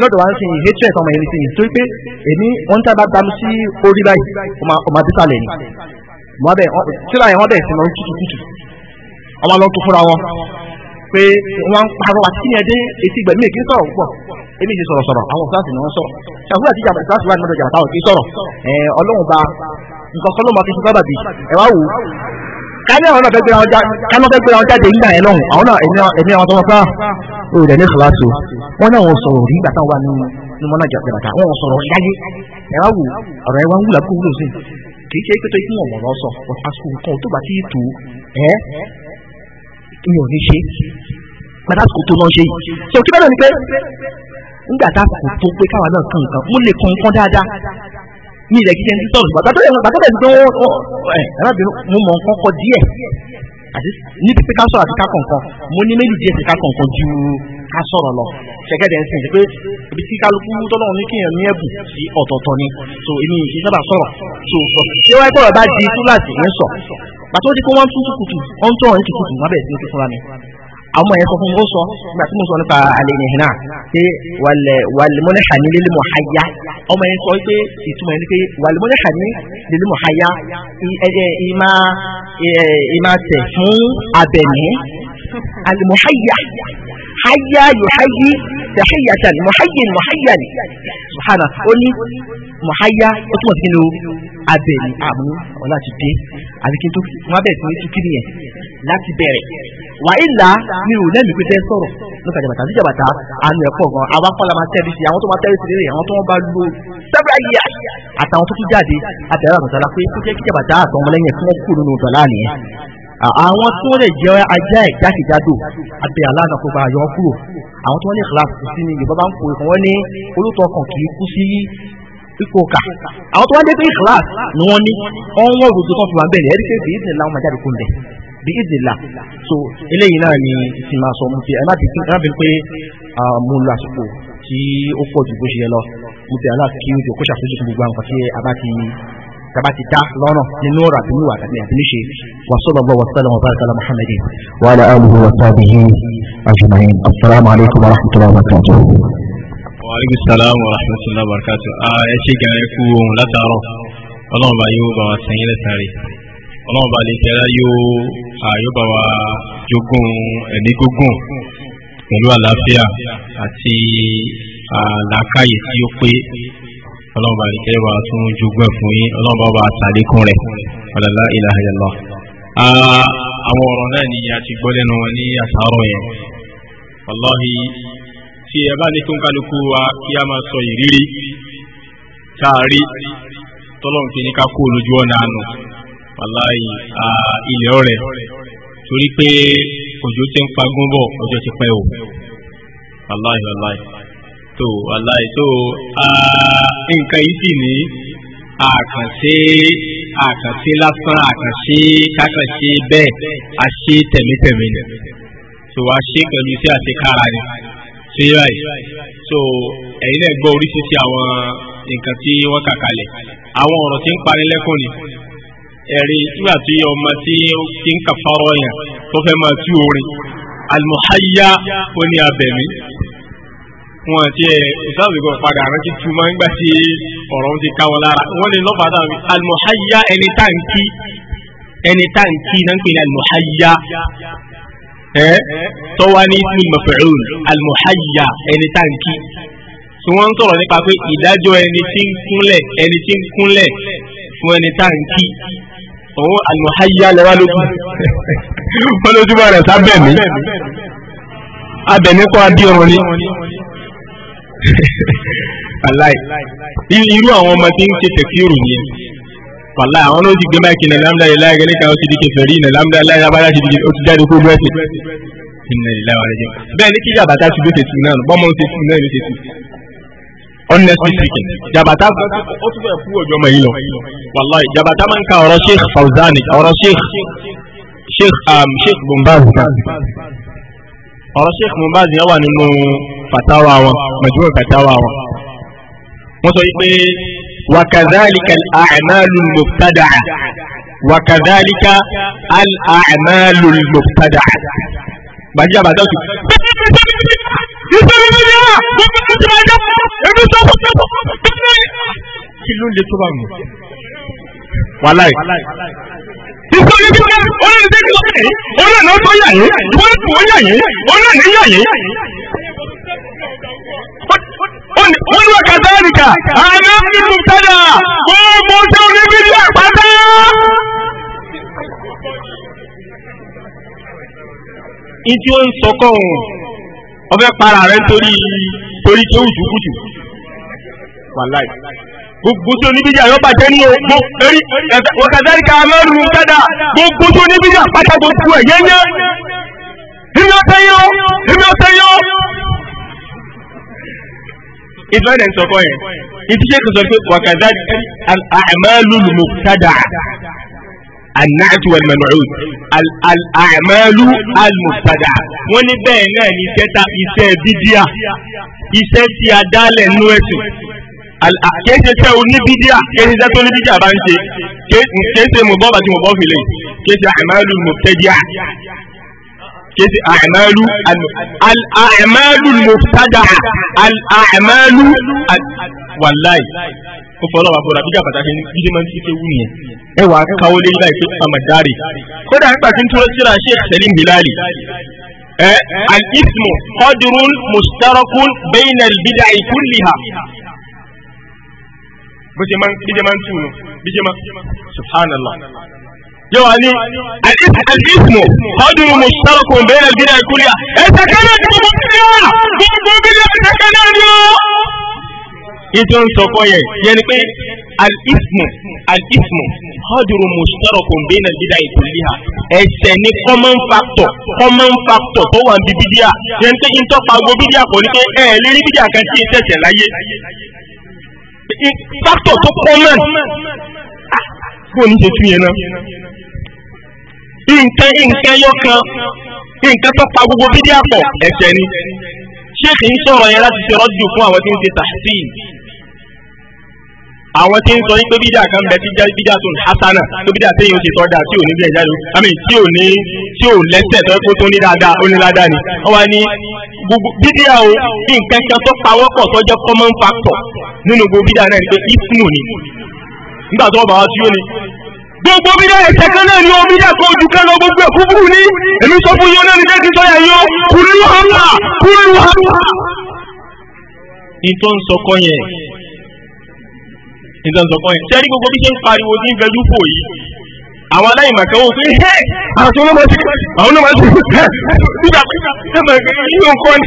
lọ́dọ̀ wa ń sìn hatred ọmọ yẹn sìn torí pé èmi wọ́n tá a bá gbam sí orí báyìí ọmọ àbí sàlẹ̀ ni tíra yẹn wọ́n bẹ̀ sìn lọ tútùtù ọmọ lọ tó fúnra wọn pé wọ́n ń parọ́ àti yẹn dé etí gbẹ̀mí èkì sọ̀rọ̀ púpọ̀ èmi ti sọ̀rọ̀ sọ̀rọ̀ àwọn kíláàsì ni wọ́n sọ̀rọ̀ ṣàkóso àti ìjàmbá kíláàsì wà ní ọ̀dọ̀ jàmbá táwọn kì í sọ̀rọ̀ ọlọ́run ba nǹkan kan ló máa fi ṣe sábàbí ẹ wá wò ó kálí àwọn náà fẹ́ gbéra ọjà kálí wọ́n fẹ́ gbéra ọjà dé nígbà yẹn lọ́hùn àwọn náà ẹ̀mí ẹ̀mí àwọn tọmọ fáà ó rẹ̀ ní ìfọláṣọ wọn náà wọn sọ̀rọ̀ nígbà táwọn wà nínú nínú mọ́nà ìjà ìjàmbá wọn sọ̀rọ̀ yáyé ẹ wá wò ọ̀rọ̀ ẹ wá ń wúlà kó wúlò sí kì í ṣe pé tó ikú wọn lọ sọ àsìkò kan tó bá ti tù ẹ mi ò ní ṣe pàtàkì tó lọ ṣe yìí so kí bẹ́ẹ̀ ni pé nígbà tá a kò tó pé káwa náà kàn nǹkan mo lè kàn nǹkan dáadáa ní ilẹ̀ kíkẹ́ ní sọ̀rọ̀ bàtà tó yẹ bàtà tó yẹ tó ẹ arábìnrin mo mọ̀ nǹkan kọ díẹ̀ àti ní pípé ká sọ̀rọ̀ àti ká kọ̀ọ̀kan mo ní méjì díẹ̀ sí ká kọ̀ọ̀kan ju ká sọ̀rọ̀ lọ ṣẹ̀kẹ́dẹ̀ ń sìn pé ibi tí kálukú tọ́lọ́run ní kéèyàn ní ẹ̀bùn sí ọ̀tọ̀ọ̀tọ̀ ni so èmi kì í sábà sọ̀rọ̀ so sọ ṣé wáyé tọ̀rọ̀ bá di túláàsì ń sọ pàtó di pé wọ́n tún tukutu wọ́n tún ọ̀rìn tukutu wọ́n bẹ̀rẹ̀ sí àwọn ẹ̀ sọ fún mi ó sọ nígbà tí mo sọ nípa àlẹ́yìn náà pé wàlímọ́lẹ́ hàní lè mọ̀ háyá ọmọ ẹ̀ sọ pé ìtumọ̀ ẹ̀ ni pé wàlímọ́lẹ́ hàní lè mọ̀ háyá ìmá tẹ̀ fún abẹ̀mí àlìmọ̀háyà háyá yòháyí tẹ̀háyàtà mọ̀háyè mọ̀háyà ni subhana ó ní mọ̀háyà ó túmọ̀ sí kí ni o abẹ̀mí àmú ọ̀la ti dé àbí tó wọn bẹ̀rẹ̀ wàhálà mi ò lẹ́nu pé fẹ́ sọ̀rọ̀ lọ́kà jàbàtà sí jàbàtà àánú ẹ̀kọ́ gan àwọn akọ́lá máa tẹ́lẹ̀ sí àwọn tó máa tẹ́lẹ̀ sí rere àwọn tó wọ́n bá lo several years àtàwọn tó tún jáde àtẹ̀rẹ́ àgùntàlá pé kó jẹ́ kí jàbàtà àtọ̀ ọmọlẹ́yìn fún ọkù nínú ìtọ́lá nìyẹn. àwọn tó lè jẹ́ ajá ẹ̀ jákèjádò àti aláàánú kó bá yọ kúrò àwọn tó wọ́n ní kíláàsì sí ni yorùbá máa ń pè wọ́n ní olótọ́ kan kì í kú sí ipò kà àwọn tó wọ́n dé pé kíláàsì ni wọ́n ní ọ̀wọ́n òdòdó kan fi wà ń bẹ̀rẹ̀ ẹ̀rí pé bèèzì làwọn máa jáde kó ń bẹ̀ bí ìzìlá so eléyìí náà ni ti máa sọ mú ti ẹ má ti kí rábìn pé mo lo àsìkò tí ó pọ̀ jù bó ṣe yẹ lọ mo ti àlá kí ojú kó ṣàtúnṣe gbogbo àwọn nǹkan tí a bá ti taba ti da lọ́nà nínú ọ̀rọ̀ àti níwà àti àti níṣe wa sallallahu wa sallam wa baraka ala muhammadin wa ala alihi wa sahbihi ajma'in assalamu alaikum wa rahmatullahi wa barakatuh. wa alaikum salaam wa rahmatullahi wa barakatuh. Ah, ẹ ṣe gàrẹ́ kú ohun látàárọ̀ ọlọ́run bá yóò bá wa sẹ́yìn lẹ́sàárẹ̀ ọlọ́run bá lè tẹ́lá yóò àyọ́bà wa jogún ẹ̀mí gógùn pẹ̀lú àlàáfíà àti àlàákàyè tí ó pé ọlọ́run bá lè tẹ́lá wa tún jogún ẹ̀ fún yín ọlọ́run bá wa tàlékún rẹ̀ ọ̀làlá ilaha illallah. àwọn ọ̀rọ̀ náà ni a ti gbọ́ lẹ́nu wọn ní àsàárọ̀ yẹn wàláhi tí ẹ bá ní kí n kálukú wa kí a máa sọ ìrírí tá a rí tọ́lọ́run fi ní ká kó olójú ọ̀nà àná wàláyé ilẹ̀ ọ̀rẹ́ torí pé òjò ti ń pagún bọ̀ òjò ti pẹ́ o wàláyé wàláyé tó wàláyé tó nǹkan yìí sì ní àkànṣe àkànṣe lásán àkànṣe kákànṣe bẹ́ẹ̀ àṣe tẹ̀mítẹ̀mí ni tó wàá ṣe pẹ̀lú iṣẹ́ àṣekára ni ṣe é báyìí so ẹ̀yin náà gbọ́ oríṣiríṣi àwọn nǹkan tí wọ́n kà kalẹ̀ àwọn ọ̀rọ̀ tí ń parí lẹ́kùn ni ẹ̀rí nígbà tí ọmọ tí ti ń kàfárọ̀ yẹn tó fẹ́ máa tú orin alimuhaya ó ní abẹ̀mí wọn ti ẹ ìsáàbì kan padà rántí túmọ̀ nígbà tí ọ̀rọ̀ ti ká wọn lára wọn lè lọ́ba dáa wí alimuhaya ẹni tá n kí ẹni tá n kí náà ń pè ní alimuhaya ẹ tọ́wá ní ismul maf'ul alimuhaya ẹni tá n kí tí wọ́n ń sọ̀rọ̀ nípa pé ìdájọ́ ẹni tí ń kúnlẹ̀ ẹni tí ń kúnlẹ̀ fún ẹni tá n kí òun àlùháyá lẹ́wà lójú wọ́n lójúmọ́ rẹ̀ sábẹ̀mí abẹ̀mí kọ́ abíọ̀rùn ni aláì irú àwọn ọmọ tí ń ṣe tẹ̀fíìrù ni wàlá àwọn ló ti gbé máìkì náà lámúdá ilé ayẹyẹ níta ó ti di kẹfẹ rí iná lámúdá abájá ti di ó ti jáde kó bẹ́ẹ̀ bẹ́ẹ̀ ni kí yàbàtà ti bó ṣe náà bọ́mọ ó ṣe tù náà ló ṣe tù honestly speaking jabata ó tún fẹ́ fún ọjọ́ ọmọ yìí lọ wàláì jabata máa ń ka ọ̀rọ̀ sheikh Fawzani ọ̀rọ̀ sheikh sheikh um, sheikh bombazi ọ̀rọ̀ sheikh bombazi yẹn wà nínú fatawa wọn majmu fatawa wọn wọ́n sọ pé wakazalika al-a'malu wakazalika al-a'malu al bàtà tù gbogbo ẹni tí máa jẹ́ ẹbí sọ́kọ̀ gbogbo ẹni. kí ló lè tó bá wù. wàláì. ìsọ̀rọ̀ ibi jẹ́ olóòdì tó yà yé olóòdì tó yà yé olóòdì tó yà yé olóòdì yà yé. Olúwa kàtàlíkà, àná mi mú tẹ́lá, ó mú sẹ́wọ́n níbi ìlú àpáta. Ìdí ó ń sọkọ̀ ọ̀hún, ọ̀fẹ́ para rẹ̀ nítorí torí tí ó wù jùkújù wàláì gbogbo tó níbíjà yóò bàjẹ́ ní ogbó lórí wọ̀kàtàrí ká mẹ́rin kádà gbogbo tó níbíjà pátá gbogbo ẹ̀ yẹ́nyẹ́ èmi ọ̀tẹ́ yọ èmi ọ̀tẹ́ yọ. ìfẹ́rẹ̀ sọ̀kọ́ yẹn ìdíje kò sọ pé wọ̀kàtàrí àmàlù mùkádà anáàtú alimẹ̀lúù àmàlù alùmùkádà wọ́n ní bẹ́ẹ̀ náà ní iṣẹ́ bídíà iṣẹ́ tí a dálẹ̀ nínú ẹ̀sìn kéèṣe tẹ oníbídíà kéèṣe tẹ tó oníbídíà bá ń ṣe kéèṣe mọ̀bọ́ bàtí mọ̀bọ́ fi lè kéèṣe àmàlù mọ̀tẹ́díà kéèṣe àmàlù àmàlù mọ̀tẹ́dà àmàlù wàláì ó fọlọ́ àbíjà pàtàkì gidi máa ń fi kéwù nìyẹn ẹ wà á káwọ́ lé kódà nígbà tí ń túrọ́ síra Sheikh Salim Bilali الاسم قدر مشترك بين البدع كلها بجمان بجمان بجمان سبحان الله يعني الإثم قدر مشترك بين البدع كلها ètò ń sọkọ yẹn yẹn ni pé al-ismu al-ismu hadurun mushtarakun bayna al-bid'ah kulliha ẹ̀ṣẹ̀ ni common factor common factor tó wà ní bídíà yẹn ni pé ìtọ́pa gbo bídíà kò ní pé ẹ̀ lè rí bídíà kan tí ì tẹ̀sẹ̀ láyé factor tó common kó ah, ní ṣe tún yẹn náà nǹkan nǹkan yọkan nǹkan tó pa gbogbo bídíà pọ̀ ẹ̀ṣẹ̀ ni ṣé kì í sọ̀rọ̀ yẹn láti ṣe rọ́jù fún àwọn tí ń ṣe tàṣíì àwọn tí ń sọ yín pé bídà kan bẹ tí bídà tó ń hasana tó bídà tí yóò ṣe sọdá tí ò ní bílẹ̀ jáde àmì tí ò ní tí ò lẹ́sẹ̀ tó kó tó ní dáadáa ó ní ládàá ni wọ́n wá ní gbogbo bídà o nǹkan kan tó pawọ́pọ̀ tó jẹ́ common factor nínú gbogbo bídà náà ni pé ismu ni nígbà tó bá wá sí ó ní. gbogbo bídà ẹ̀sẹ̀ kan náà ni ó bídà tó ojú kan lọ gbogbo ẹ̀ kúkú ní èmi sọ fún yín náà ni jẹ́ kí sọ́yà yín ó kúlú hàmà kúlú hàmà. ìtọ́ ń sọkọ yẹn nǹkan sọ fún ẹ sẹ́rí gbogbo bí ṣe ń pariwo ní ìfẹ́jú fò yìí àwọn aláìmọ̀kẹ́ wò pé ẹ́ àwọn tó lọ́mọ sí àwọn lọ́mọ sí ẹ́ nígbà pé ẹ mọ̀ pé yíyó ń kọ́ ni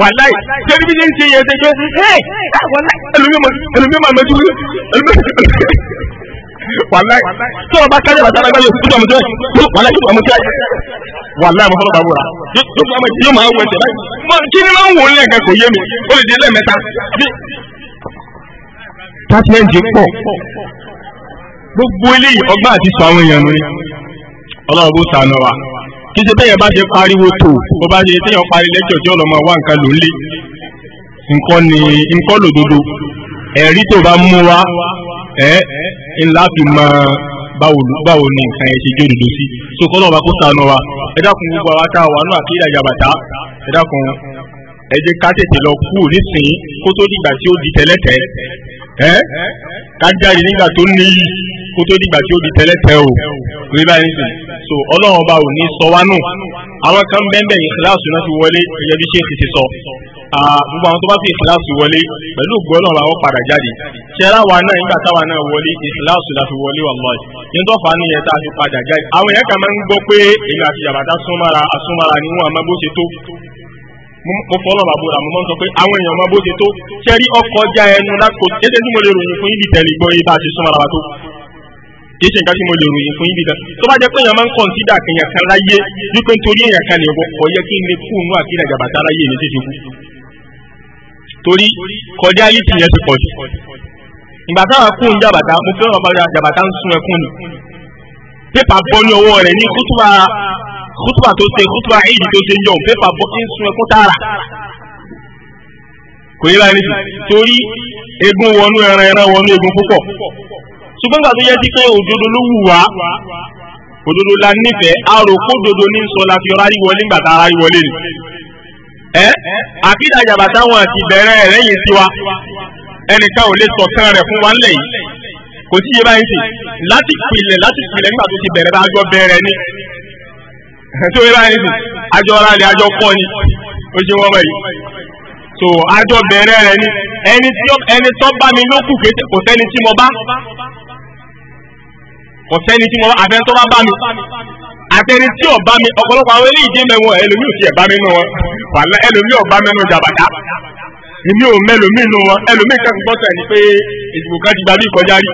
wàláì sẹ́rí bí ṣe ń ṣe yẹn ṣe pé ẹ́ ẹlòmíọ́ máa mẹ́tú wàláì tó o bá kájọ bàtà lágbàáyé òkú tó àmì tó ẹ wàláì tó àmì tó ẹ wàláì mọ̀fọ́lọ́ bàbá wà yóò máa wọ ẹsẹ̀ báyìí kí ni máa ń wò ó kò yé mi ó lè di lẹ́ẹ̀mẹ́ta tátìlẹ́ǹtì pọ̀ gbogbo eléyìí ọgbà àti sọ àwọn èèyàn lórí ọlọ́run bó sànù wa kí ṣe bẹ́yẹn bá ṣe pariwo tó bó bá ṣe téèyàn parí lẹ́jọ́ ọjọ́ ọlọ́mọ wa nǹkan ló ń lé nǹkan ni nǹkan lòdodo ẹ̀rí tó bá mú wa ẹ̀ ńlá fi mọ báwo ni nǹkan yẹn ṣe jó òdodo sí so kọ́ lọ́ba kó sànù wa ẹ dákun gbogbo àwa tá a wà nù àkíyà yàbàtà ẹ dákun ẹ jẹ́ ká tètè lọ kú nísìnyí kó tó dìgbà tí ó di tẹ́lẹ̀tẹ́ ẹ kájáde nígbà tó ní yìí kó tó dìgbà tí ó di tẹ́lẹ̀tẹ́ o rí báyìí sè so ọlọ́run ọba ò ní sọ wá nù àwọn kan bẹ́ẹ̀ ìkíláàsù náà fi wọlé ẹ̀yẹ́ bí ṣé ti sọ gbogbo àwọn tó bá fi ìkíláàsù wọlé pẹ̀lú gbọ́dọ̀ làwọn padà jáde ṣe wa náà nígbà táwa náà wọlé la fi wọlé a fi padà jáde àwọn yẹn kà máa ń gbọ́ pé èmi àti mo fọ́ ọlọ́ba bóra mo máa ń sọ pé àwọn èèyàn máa bó ṣe tó ṣẹ́rí ọkọ̀ já ẹnu lákò kéde tí mo lè ròyìn fún yín bíi tẹ̀lé gbọ́ yín bá a ṣe súnmọ́ ara wa tó kìí ṣe nǹkan tí mo lè ròyìn fún yín bíi kan tó bá jẹ́ pé èèyàn máa ń kọ̀ǹsídà èèyàn kan láyé wípé nítorí èèyàn kan lè wọ yẹ kí n lè kú inú àkílẹ̀ jàbàtà láyé mi títí kú torí kọjá yìí ti yẹn ti pọ̀ jù ìgbà kú kútùbà tó ṣe kútùbà èyí tó ṣe yọ̀ pépà bọ́kí ń sun ẹkún tààrà kò yẹ láyé torí egun wọnú ẹran ẹran wọnú egun púpọ̀ ṣùgbọ́n gbà tó yẹ sí pé òdodo ló wù wá òdodo la nífẹ̀ẹ́ àròkó dodo ní sọ la fi rárí wọlé ńgbà tá a rárí wọlé ni ẹ àkídà jàbàtà wọn àti bẹ̀rẹ̀ rẹ̀ yìí sí wa ẹnìkan ò lè sọ kan rẹ̀ fún wa ńlẹ̀ yìí kò sí yẹ báyìí sí láti pilẹ̀ láti pilẹ̀ nígbà tó ti bẹ̀rẹ̀ bá a gbọ́ bẹ̀rẹ̀ ni tó yẹ báyìí nìsín àjọ ọ̀la ni àjọ kọ́ ni ó ṣe wọ́n báyìí so àjọ bẹ̀rẹ̀ rẹ ni ẹni tí ẹni tó bá mi lókù kété kò sẹ́ni tí mo bá kò sẹ́ni tí mo bá àfẹ́ tó bá bá mi àtẹni tí ò bá mi ọ̀pọ̀lọpọ̀ àwọn eléyìí jẹ́ mẹ́wọ̀n ẹlòmíì ò tiẹ̀ bá mi nù wọn wàlá ẹlòmíì ò bá mi nù jàbàtà èmi ò mẹ́lòmíì nù wọn ẹlòmíì kẹ́kọ̀ọ́ sẹ́ni pé ìdìbò kan ti gbà bí ìkọjá rí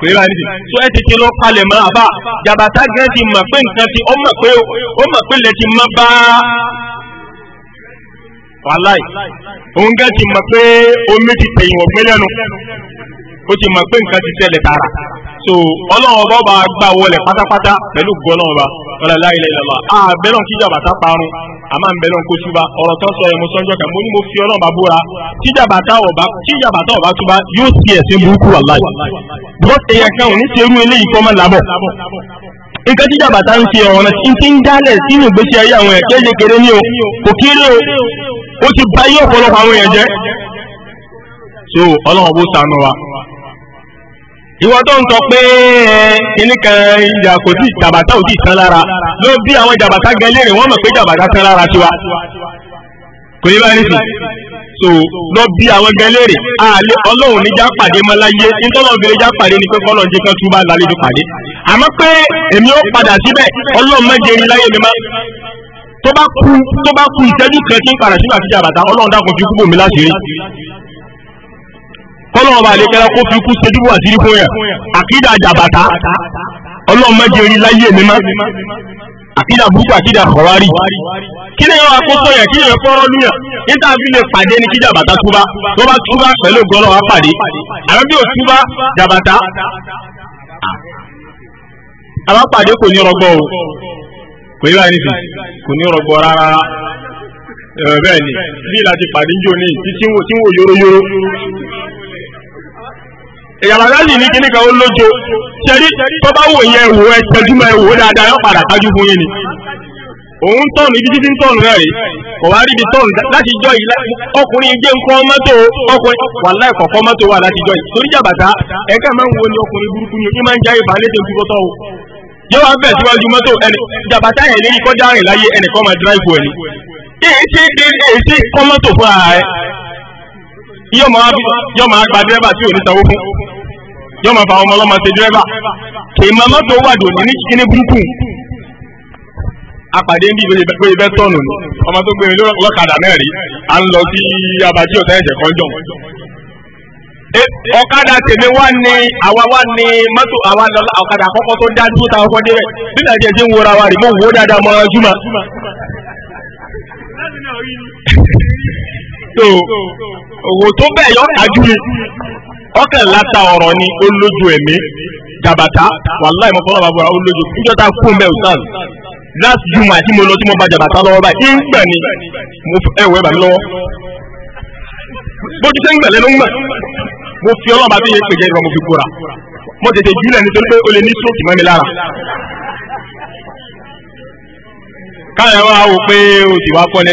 pé bá níbi tó ẹ tètè lọ palẹ̀ mọ́ àbá jàbàtà gẹ́gẹ́ ti mọ̀ pé nǹkan ti ọmọ pé ọmọ pé lẹ ti mọ́ bá wàláì òun gẹ́gẹ́ ti mọ̀ pé omi ti tẹ̀yìn ọ̀gbẹ́lẹ́nu ó ti mọ̀ pé nǹkan ti tẹ̀lẹ̀ tààrà. so ọlọ́run ọba ọba gbà wọlé pátápátá pẹ̀lú gbọ́lọ́run ọba ọ̀là láìlẹ̀ ah, ìlọ́lá àbẹ̀lọ́n kíjà bàtà parun àmọ́ àbẹ̀lọ́n kó túbà ọ̀rọ̀ tó sọ kan mo ní mo fi ọlọ́run ọba búra kíjà bàtà ọba kíjà bàtà ọba túbà yóò ti burúkú kan ti eléyìí kọ́ tíjà bàtà ń fi ọ̀rọ̀ ti ń dálẹ̀ sínú ìgbésí ayé àwọn o ti ba yí ọ̀pọ̀lọpọ̀ àwọn èèyàn jẹ́ so ọlọ́run sànù ìwọ tó ń sọ pé kìnnìkan ìjà kò sí jàbàtà ò sí tán lára ló bí àwọn jàbàtà gẹlẹ́rì wọ́n mọ̀ pé jàbàtà tán lára tiwa kò ní báyìí nìsín so lọ bí àwọn gẹlẹ́rì àlẹ ọlọ́run níjà pàdé mọ́láyé nítọ́lọ́ọ̀bì níjà pàdé ni pé kọ́lọ́ọ̀ jẹ́ kan tún bá lálejò pàdé àmọ́ pé èmi ó padà síbẹ̀ ọlọ́run mẹ́jẹ ni láyé mi má tó bá kú tó bá kú ìtẹ́jú kan tí ń padà síbà sí jàbàtà ọlọ́run dákun fi kúbò mi láṣìírí kọ́lọ́wọ́n bá lè kẹ́lá kó fi kú sojúbọ̀ àṣírí fún yẹn àkídà jàbàtà ọlọ́run mẹ́jẹ orí láyé mi mọ́ àkídà burúkú àkídà kọ̀wárì kí ni yóò wá kó sọ yẹn kí yẹn fọ́rọ́ lúyàn níta fi lè pàdé ní kí jàbàtà túbá tó bá túbá pẹ̀lú gọ́lọ́ wa pàdé àmọ́ bí ò túbá jàbàtà àbá pàdé kò ní rọgbọ o kò yíra ẹni sì kò ní rọgbọ rárá bẹ́ẹ̀ ni bí láti pàdé jò ní tí tí ń wò yóróyóró ìyàrá sì ní kíníkà ó lójo ṣẹ́rí tó bá wò yẹ ìwò ẹ ìwò dáadáa yóò padà fún yín ni òun tọ̀nù ibi títí ń rẹ̀ rí kò láti jọ yìí ọkùnrin ìgbé mọ́tò ọkùnrin mọ́tò wà jọ yìí torí jàbàtà ẹ̀ka máa ń wo ni ọkùnrin burúkú ni ń ojú o yóò wá bẹ̀ síwájú mọ́tò ẹni jàbàtà yóò máa dírẹ́bà tí ò ní sanwó fún yóò máa ọmọ ọlọ́mọ ṣe dírẹ́bà kì í máa mọ́tò wà ní kíní burúkú apàdé níbi ìgbésẹ̀ ìbẹ́ tọ̀nù ni ọmọ tó gbé mi lọ́kadà náà rí à ń lọ sí abatí ọ̀tá ẹ̀jẹ̀ kan jọ̀ ọ̀kadà tèmi wá ní àwa wá ní mọ́tò àwa ọ̀kadà àkọ́kọ́ tó dá dúró táwọn kọ́ débẹ̀ nígbà tí ẹ̀jẹ̀ ń wọra wa rí mo wò ó dáadáa mọ́ ọjúmọ́. so òwò tó bẹ́ẹ̀ yọ kájú ni ọkàn láta ọ̀rọ̀ ni ó lójú ẹ̀mí jàbàtà wàláì mọ́ fọlọ́ bàbá ó lójú níjọ́ tá a kú mẹ́ ọ̀sán last june àti mo lọ tí mo bá jàbàtà lọ́wọ́ báyìí ń gbà ni mo ẹ̀ wẹ́ bà mí lọ́wọ́ bójú tẹ́ ń gbẹ̀lẹ́ ló ń gbà mo fi ọlọ́ba tó yẹ pé jẹ́ ìrọ̀ mo fi kóra mo tètè júlẹ̀ nítorí pé o lè ní stroke mọ́ mi lára. káyọ̀ wá wò pé o ti wá fọ́ ni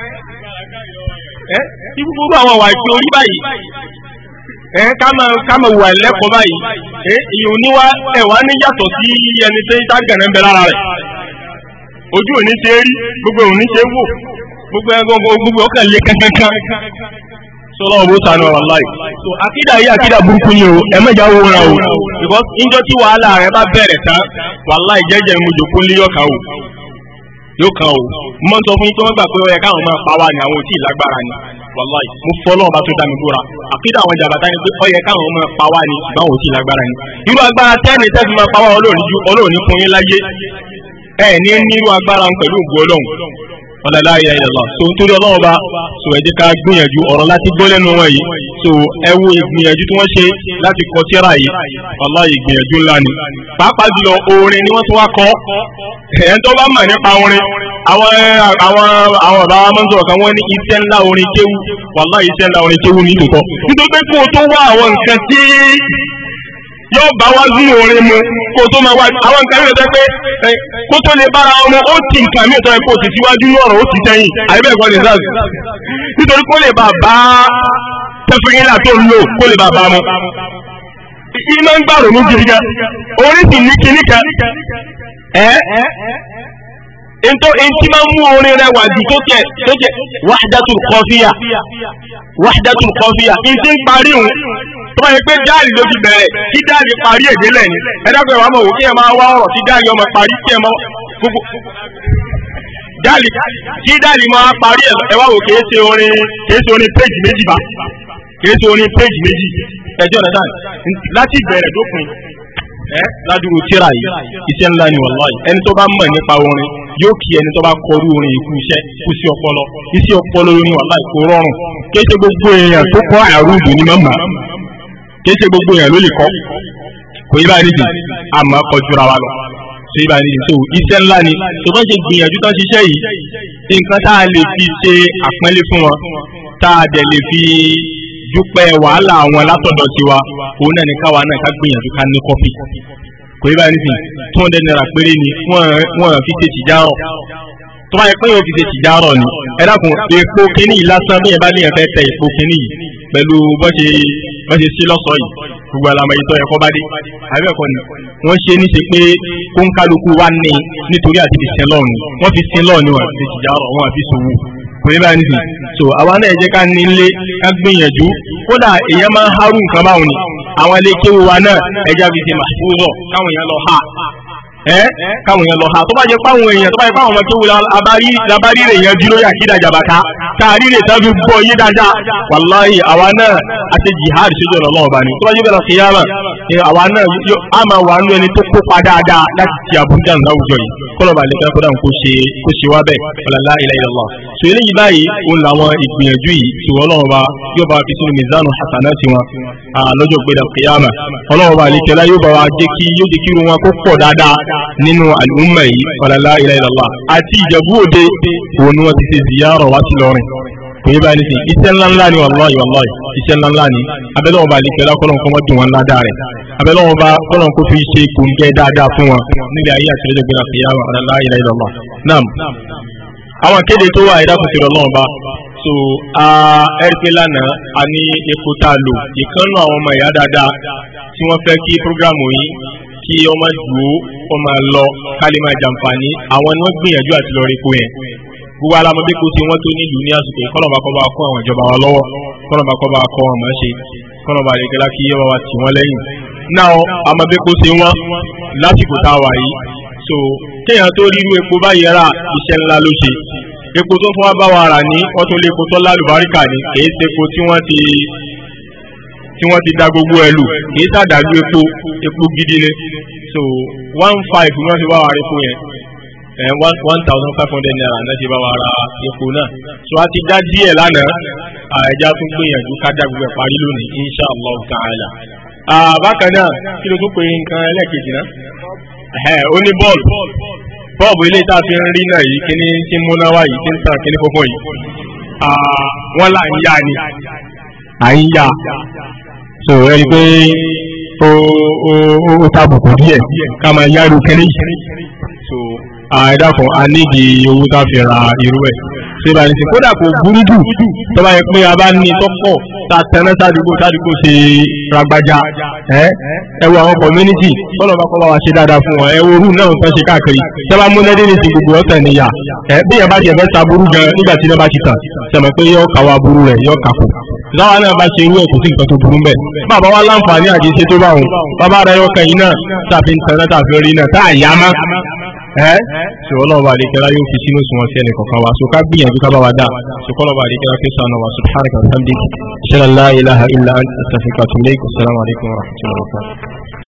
ẹ́ ibúburú àwọn wà orí báyìí wà lẹ́kọ̀ọ́ báyìí ẹ̀wà ní yàtọ̀ sí ẹni ń bẹ lára rẹ̀ gbogbo òní ṣe wò gbogbo ẹgbẹ́ gbogbo ọkàn lé kankan. sọlá ọ̀bọ̀ sànù ọ̀rọ̀ láì. so akídà yìí akídà burúkú ni o ẹ o because tí wàhálà rẹ bá tán wàhálà o. yóò kàn o mo ń sọ fún yín pé wọ́n gbà pé ó yẹ káwọn máa pa wá ní àwọn òtí ìlágbára ni wàláì mo fọlọ́ ọba tó dá mi búra àkídà àwọn jàbàtà ni pé ó yẹ káwọn máa pa wá ní ṣùgbọ́n àwọn òtí ìlágbára ni irú agbára tẹ́ẹ̀nì tẹ́ẹ̀fì máa pa wá olóòní ju olóòní fún yín láyé ẹ ní nírú agbára ń pẹ̀lú ògùn ọlọ́run ọ̀làláyà ìyàlá so nítorí ọlọ́run ọba sọ ẹ̀jẹ̀ ká gbìyànjú ọ̀rọ̀ láti gbọ́ lẹ́nu wọn yìí so ẹ wo ìgbìyànjú tí wọ́n ṣe láti kọ tírà yìí wàlá ìgbìyànjú ńlá ni pàápàá jùlọ orin ni wọ́n tún wá kọ ẹ̀ ń tọ́ bá mọ̀ nípa orin àwọn àwọn àwọn bàbá máa ń sọ̀rọ̀ kan wọ́n ní iṣẹ́ ńlá orin kéwu wàlá iṣẹ́ ńlá orin kéwu ní ìtòkọ́ nítorí pé kó o tó wá àwọn nǹkan tí yóò bá wá zúmù orin mu kó tó máa wá àwọn nǹkan mìíràn tẹ́ pé kó tó lè bára ọmọ ó ti nǹkan mìíràn tẹ́ pé ó ti síwájú ní ọ̀rọ̀ ó ti tẹ́yìn àyẹ̀bẹ̀ ẹ̀kọ́ lè sáàsì nítorí kó lè bá bá tẹ́fẹ́gílà tó ń lò kó lè bàbá mu ìmọ̀ ń gbàrò ní gidi gan orin sì ní kinní kan ẹ́ ntọ́ ntí máa ń mú orin rẹ wà ju tó jẹ tó jẹ wahdatul qafiya wahdatul qafiya ntí ń parí òun tó bá yẹ pé jáàlì ló fi bẹ̀rẹ̀ kí jáàlì parí èdè lẹ́yìn ẹ dákun ẹ̀ wá mọ̀ wò kí ẹ máa wá ọ̀rọ̀ tí jáàlì ọmọ parí kí ẹ máa gbogbo jáàlì kí jáàlì máa parí ẹ wá wò kì í orin kì í orin péjì méjì bá kìí ṣe orin péjì méjì ẹjọ́ rẹ̀ dáa láti bẹ̀rẹ̀ dópin ẹ́ ládùúgbò tíra yìí iṣẹ́ ńlá ni wàláyé ẹni tó bá mọ̀ nípa orin yóò kí ẹni tó bá kọrú orin ikú iṣẹ́ kú sí ọpọlọ iṣẹ́ ọpọlọ orin wàláyé kò rọrùn kìí ṣe gbogbo èèyàn tó kọ́ àrùbù ní mọ́mọ́ kìí ṣe gbogbo èèyàn ló lè kọ́ kò yí báyìí nìyí àmọ́ kọjúra wa lọ ṣe yí báyìí nìyí tó iṣẹ́ ńlá ni tó bá ṣe gbìyànjú tán ṣiṣẹ́ yìí nǹkan tá a lè fi ṣe àpọ́nlé fún wọn tá a dẹ̀ lè fi dúpẹ́ wàhálà àwọn látọ̀dọ̀ tiwa òun náà ní káwa náà ká gbìyànjú ká ní kọ́fì kò yí báyìí nísìnyí two hundred naira péré ni wọ́n fi ṣe tìjárọ̀ tó bá pé yóò fi ṣe tìjárọ̀ ni ẹ dákun epo kínní yìí lásán bí yẹn bá níyẹn fẹ́ tẹ epo kínní yìí pẹ̀lú bọ́n ṣe bọ́n ṣe sí lọ́sọ̀ọ́ yìí gbogbo àlàmọ́ yìí tó yẹ kó bá dé àbí ẹ̀kọ́ ni wọ́n ṣe ní ṣe pé kóńkálukú wa ní nítorí àti fi sin wọ́n fi sin lọ́ọ̀ni wọn àti ṣèjárọ̀ wọn àfi ṣòwò kò ní báyìí so àwa náà jẹ́ ká nílé ká gbìyànjú kódà èèyàn máa ń harú nǹkan báwọn ni àwọn ilé kéwu wa náà ẹja fi ṣe màṣúrọ̀ káwọn èèyàn lọ ha ẹ káwọn èèyàn lọ ha tó bá jẹ páwọn èèyàn tó bá jẹ páwọn ọmọ kéwu labari labari rẹ yẹn dúró yàkí ìdàjàbàká káàrí rẹ tàbí bọ yé dáadáa wàláyé àwa náà àti jihad ṣojú ọ̀nà ọlọ́ọ̀bá ni tó bá jẹ́ bẹ̀rẹ̀ kìyàmà àwa náà a máa wà nú ẹni tó kópa dáadáa láti ti àbújá nǹkan àwùjọ yìí kọlọ bàlẹ̀ fẹ́ kódà kó ṣe kó ṣe wá bẹ́ẹ̀ ọ̀làlá ilẹ̀ ìlọ́lọ́ so eléyìí báyìí ó làwọn ìgbìyànjú yìí tí ọlọ́run bá yóò bá fi sínú mizanu hasanati wọn lọ́jọ́ gbẹdà kìyàmà bá àlekẹ́lá yóò bá wa jẹ́ kí yóò jẹ́ kí irun wọn kó pọ̀ dáadáa nínú àlùmọ̀ yìí ọ̀làlá ilẹ̀ ìlọ́lá àti ìjẹ̀bú òde òun ni wọ́n ti ṣe ziyarọ̀ wá sí lọ́rin kò yí báyìí nísìnyí iṣẹ́ ńlá ńlá ni wàláyé wàláyé iṣẹ́ ńlá ńlá ni abẹ́lẹ́ wọn bá lè kẹ́lá kọ́lọ́n kọ́ mọ́tò wọn ńlá dáa rẹ̀ abẹ́lẹ́ wọn bá kọ́lọ́n kó fi ṣe kòńgẹ́ dáadáa fún wọn nílẹ̀ ayé àti lẹ́jọ́ gbéra fìyà wọn àdàlá ilẹ̀ ìlọ́lá àwọn akéde tó wà ẹ̀dá kòkèrè ọlọ́run bá so ẹ̀ríkẹ́ lánàá a ní epo tá a lò ìkànnù àwọn ọmọ ìyá dáadáa tí wọ́n fẹ́ kí prógrámù yìí kí ọmọ dùn ó ọmọ lọ kálí máa jàǹfààní àwọn ni wọ́n gbìyànjú àti lọ rí epo yẹn gbogbo alamọbí kò tí wọ́n tó nílùú ní àsìkò kọ́nà bá kọ́ bá kọ́ àwọn ìjọba wa lọ́wọ́ kọ́nà bá kọ́ àwọn máa ṣe kọ́nà kí ọba wa tì wọ́n lẹ́yìn náà amọbí kò tí wọ́n lásìkò tá a wà yìí so kéèyàn tó rírú epo báyìí rà iṣẹ́ ńlá ló ṣe epo tó fún wa bá wa rà ní ọtún lè epo tó lálùbáríkà ní èyí ti epo tí wọ́n ti tí wọ́n ti da gbogbo ẹ̀ lù kì í sàdájú epo epo gidi ni so one five wọ́n fi wá wa epo yẹn one one thousand five hundred naira náà ti bá wa ra epo náà so a ti dá díẹ̀ lánàá àìjá tún gbìyànjú ká gbogbo ẹ̀ parí lónìí insha allah ta'ala bákan náà kí ló tún pe nǹkan ẹlẹ́ẹ̀kejì náà ó ní bọ́ọ̀lù bọ́ọ̀bù ilé tá a fi ń rí náà yìí kí ní tí ń múná wá yìí tí ń tàn kí ní fọ́fọ́ yìí wọ́n là ń yá ni à ń yá so ẹni pé ó ó ó tàbùkù díẹ̀ ká máa yárú kẹ́lẹ́ so ẹ̀dá kan a nídìí owó tá a fi ra irú ẹ̀ ṣé bá ní sí kódà kò burú jù tó bá yẹ pé a bá ní tọ́pọ̀ ta tẹ́lẹ̀ sádùúgbò sádùúgbò ṣe ragbaja ẹ ẹ wo àwọn community tọ́lọ̀ bá kọ́ wa ṣe dáadáa fún wọn ẹ wo orú náà tán ṣe káàkiri tẹ́ bá múlẹ́dé ní ti gbogbo ọ̀tẹ̀ níyà ẹ bí yẹn bá tiẹ̀ fẹ́ ta burú gan nígbà tí iná bá ti tàn tẹ̀mọ̀ pé yọ kàwa burú rẹ̀ yọ kàkó láwa náà bá ṣe irú ẹ̀ kò sí nǹkan tó burú mbẹ̀ bàbá wa láǹfààní àdéṣe tó bá wọn bàbá rẹ̀ yọ kẹ́yìn náà tàbí ń tàbí rí náà tá àyà ẹ́ sọ̀rọ̀ náà wà lẹ́kẹ́lá yóò fi sínú sùn wọn sí ẹnì kọ̀ọ̀kan wa so ká gbìyànjú ká bá wa dá sọ̀kọ́ náà wà lẹ́kẹ́lá kí sànà wa subhanaka alhamdi shalala ilaha illa anta astaghfiruka wa atubu ilayk wa rahmatullahi wa barakatuh.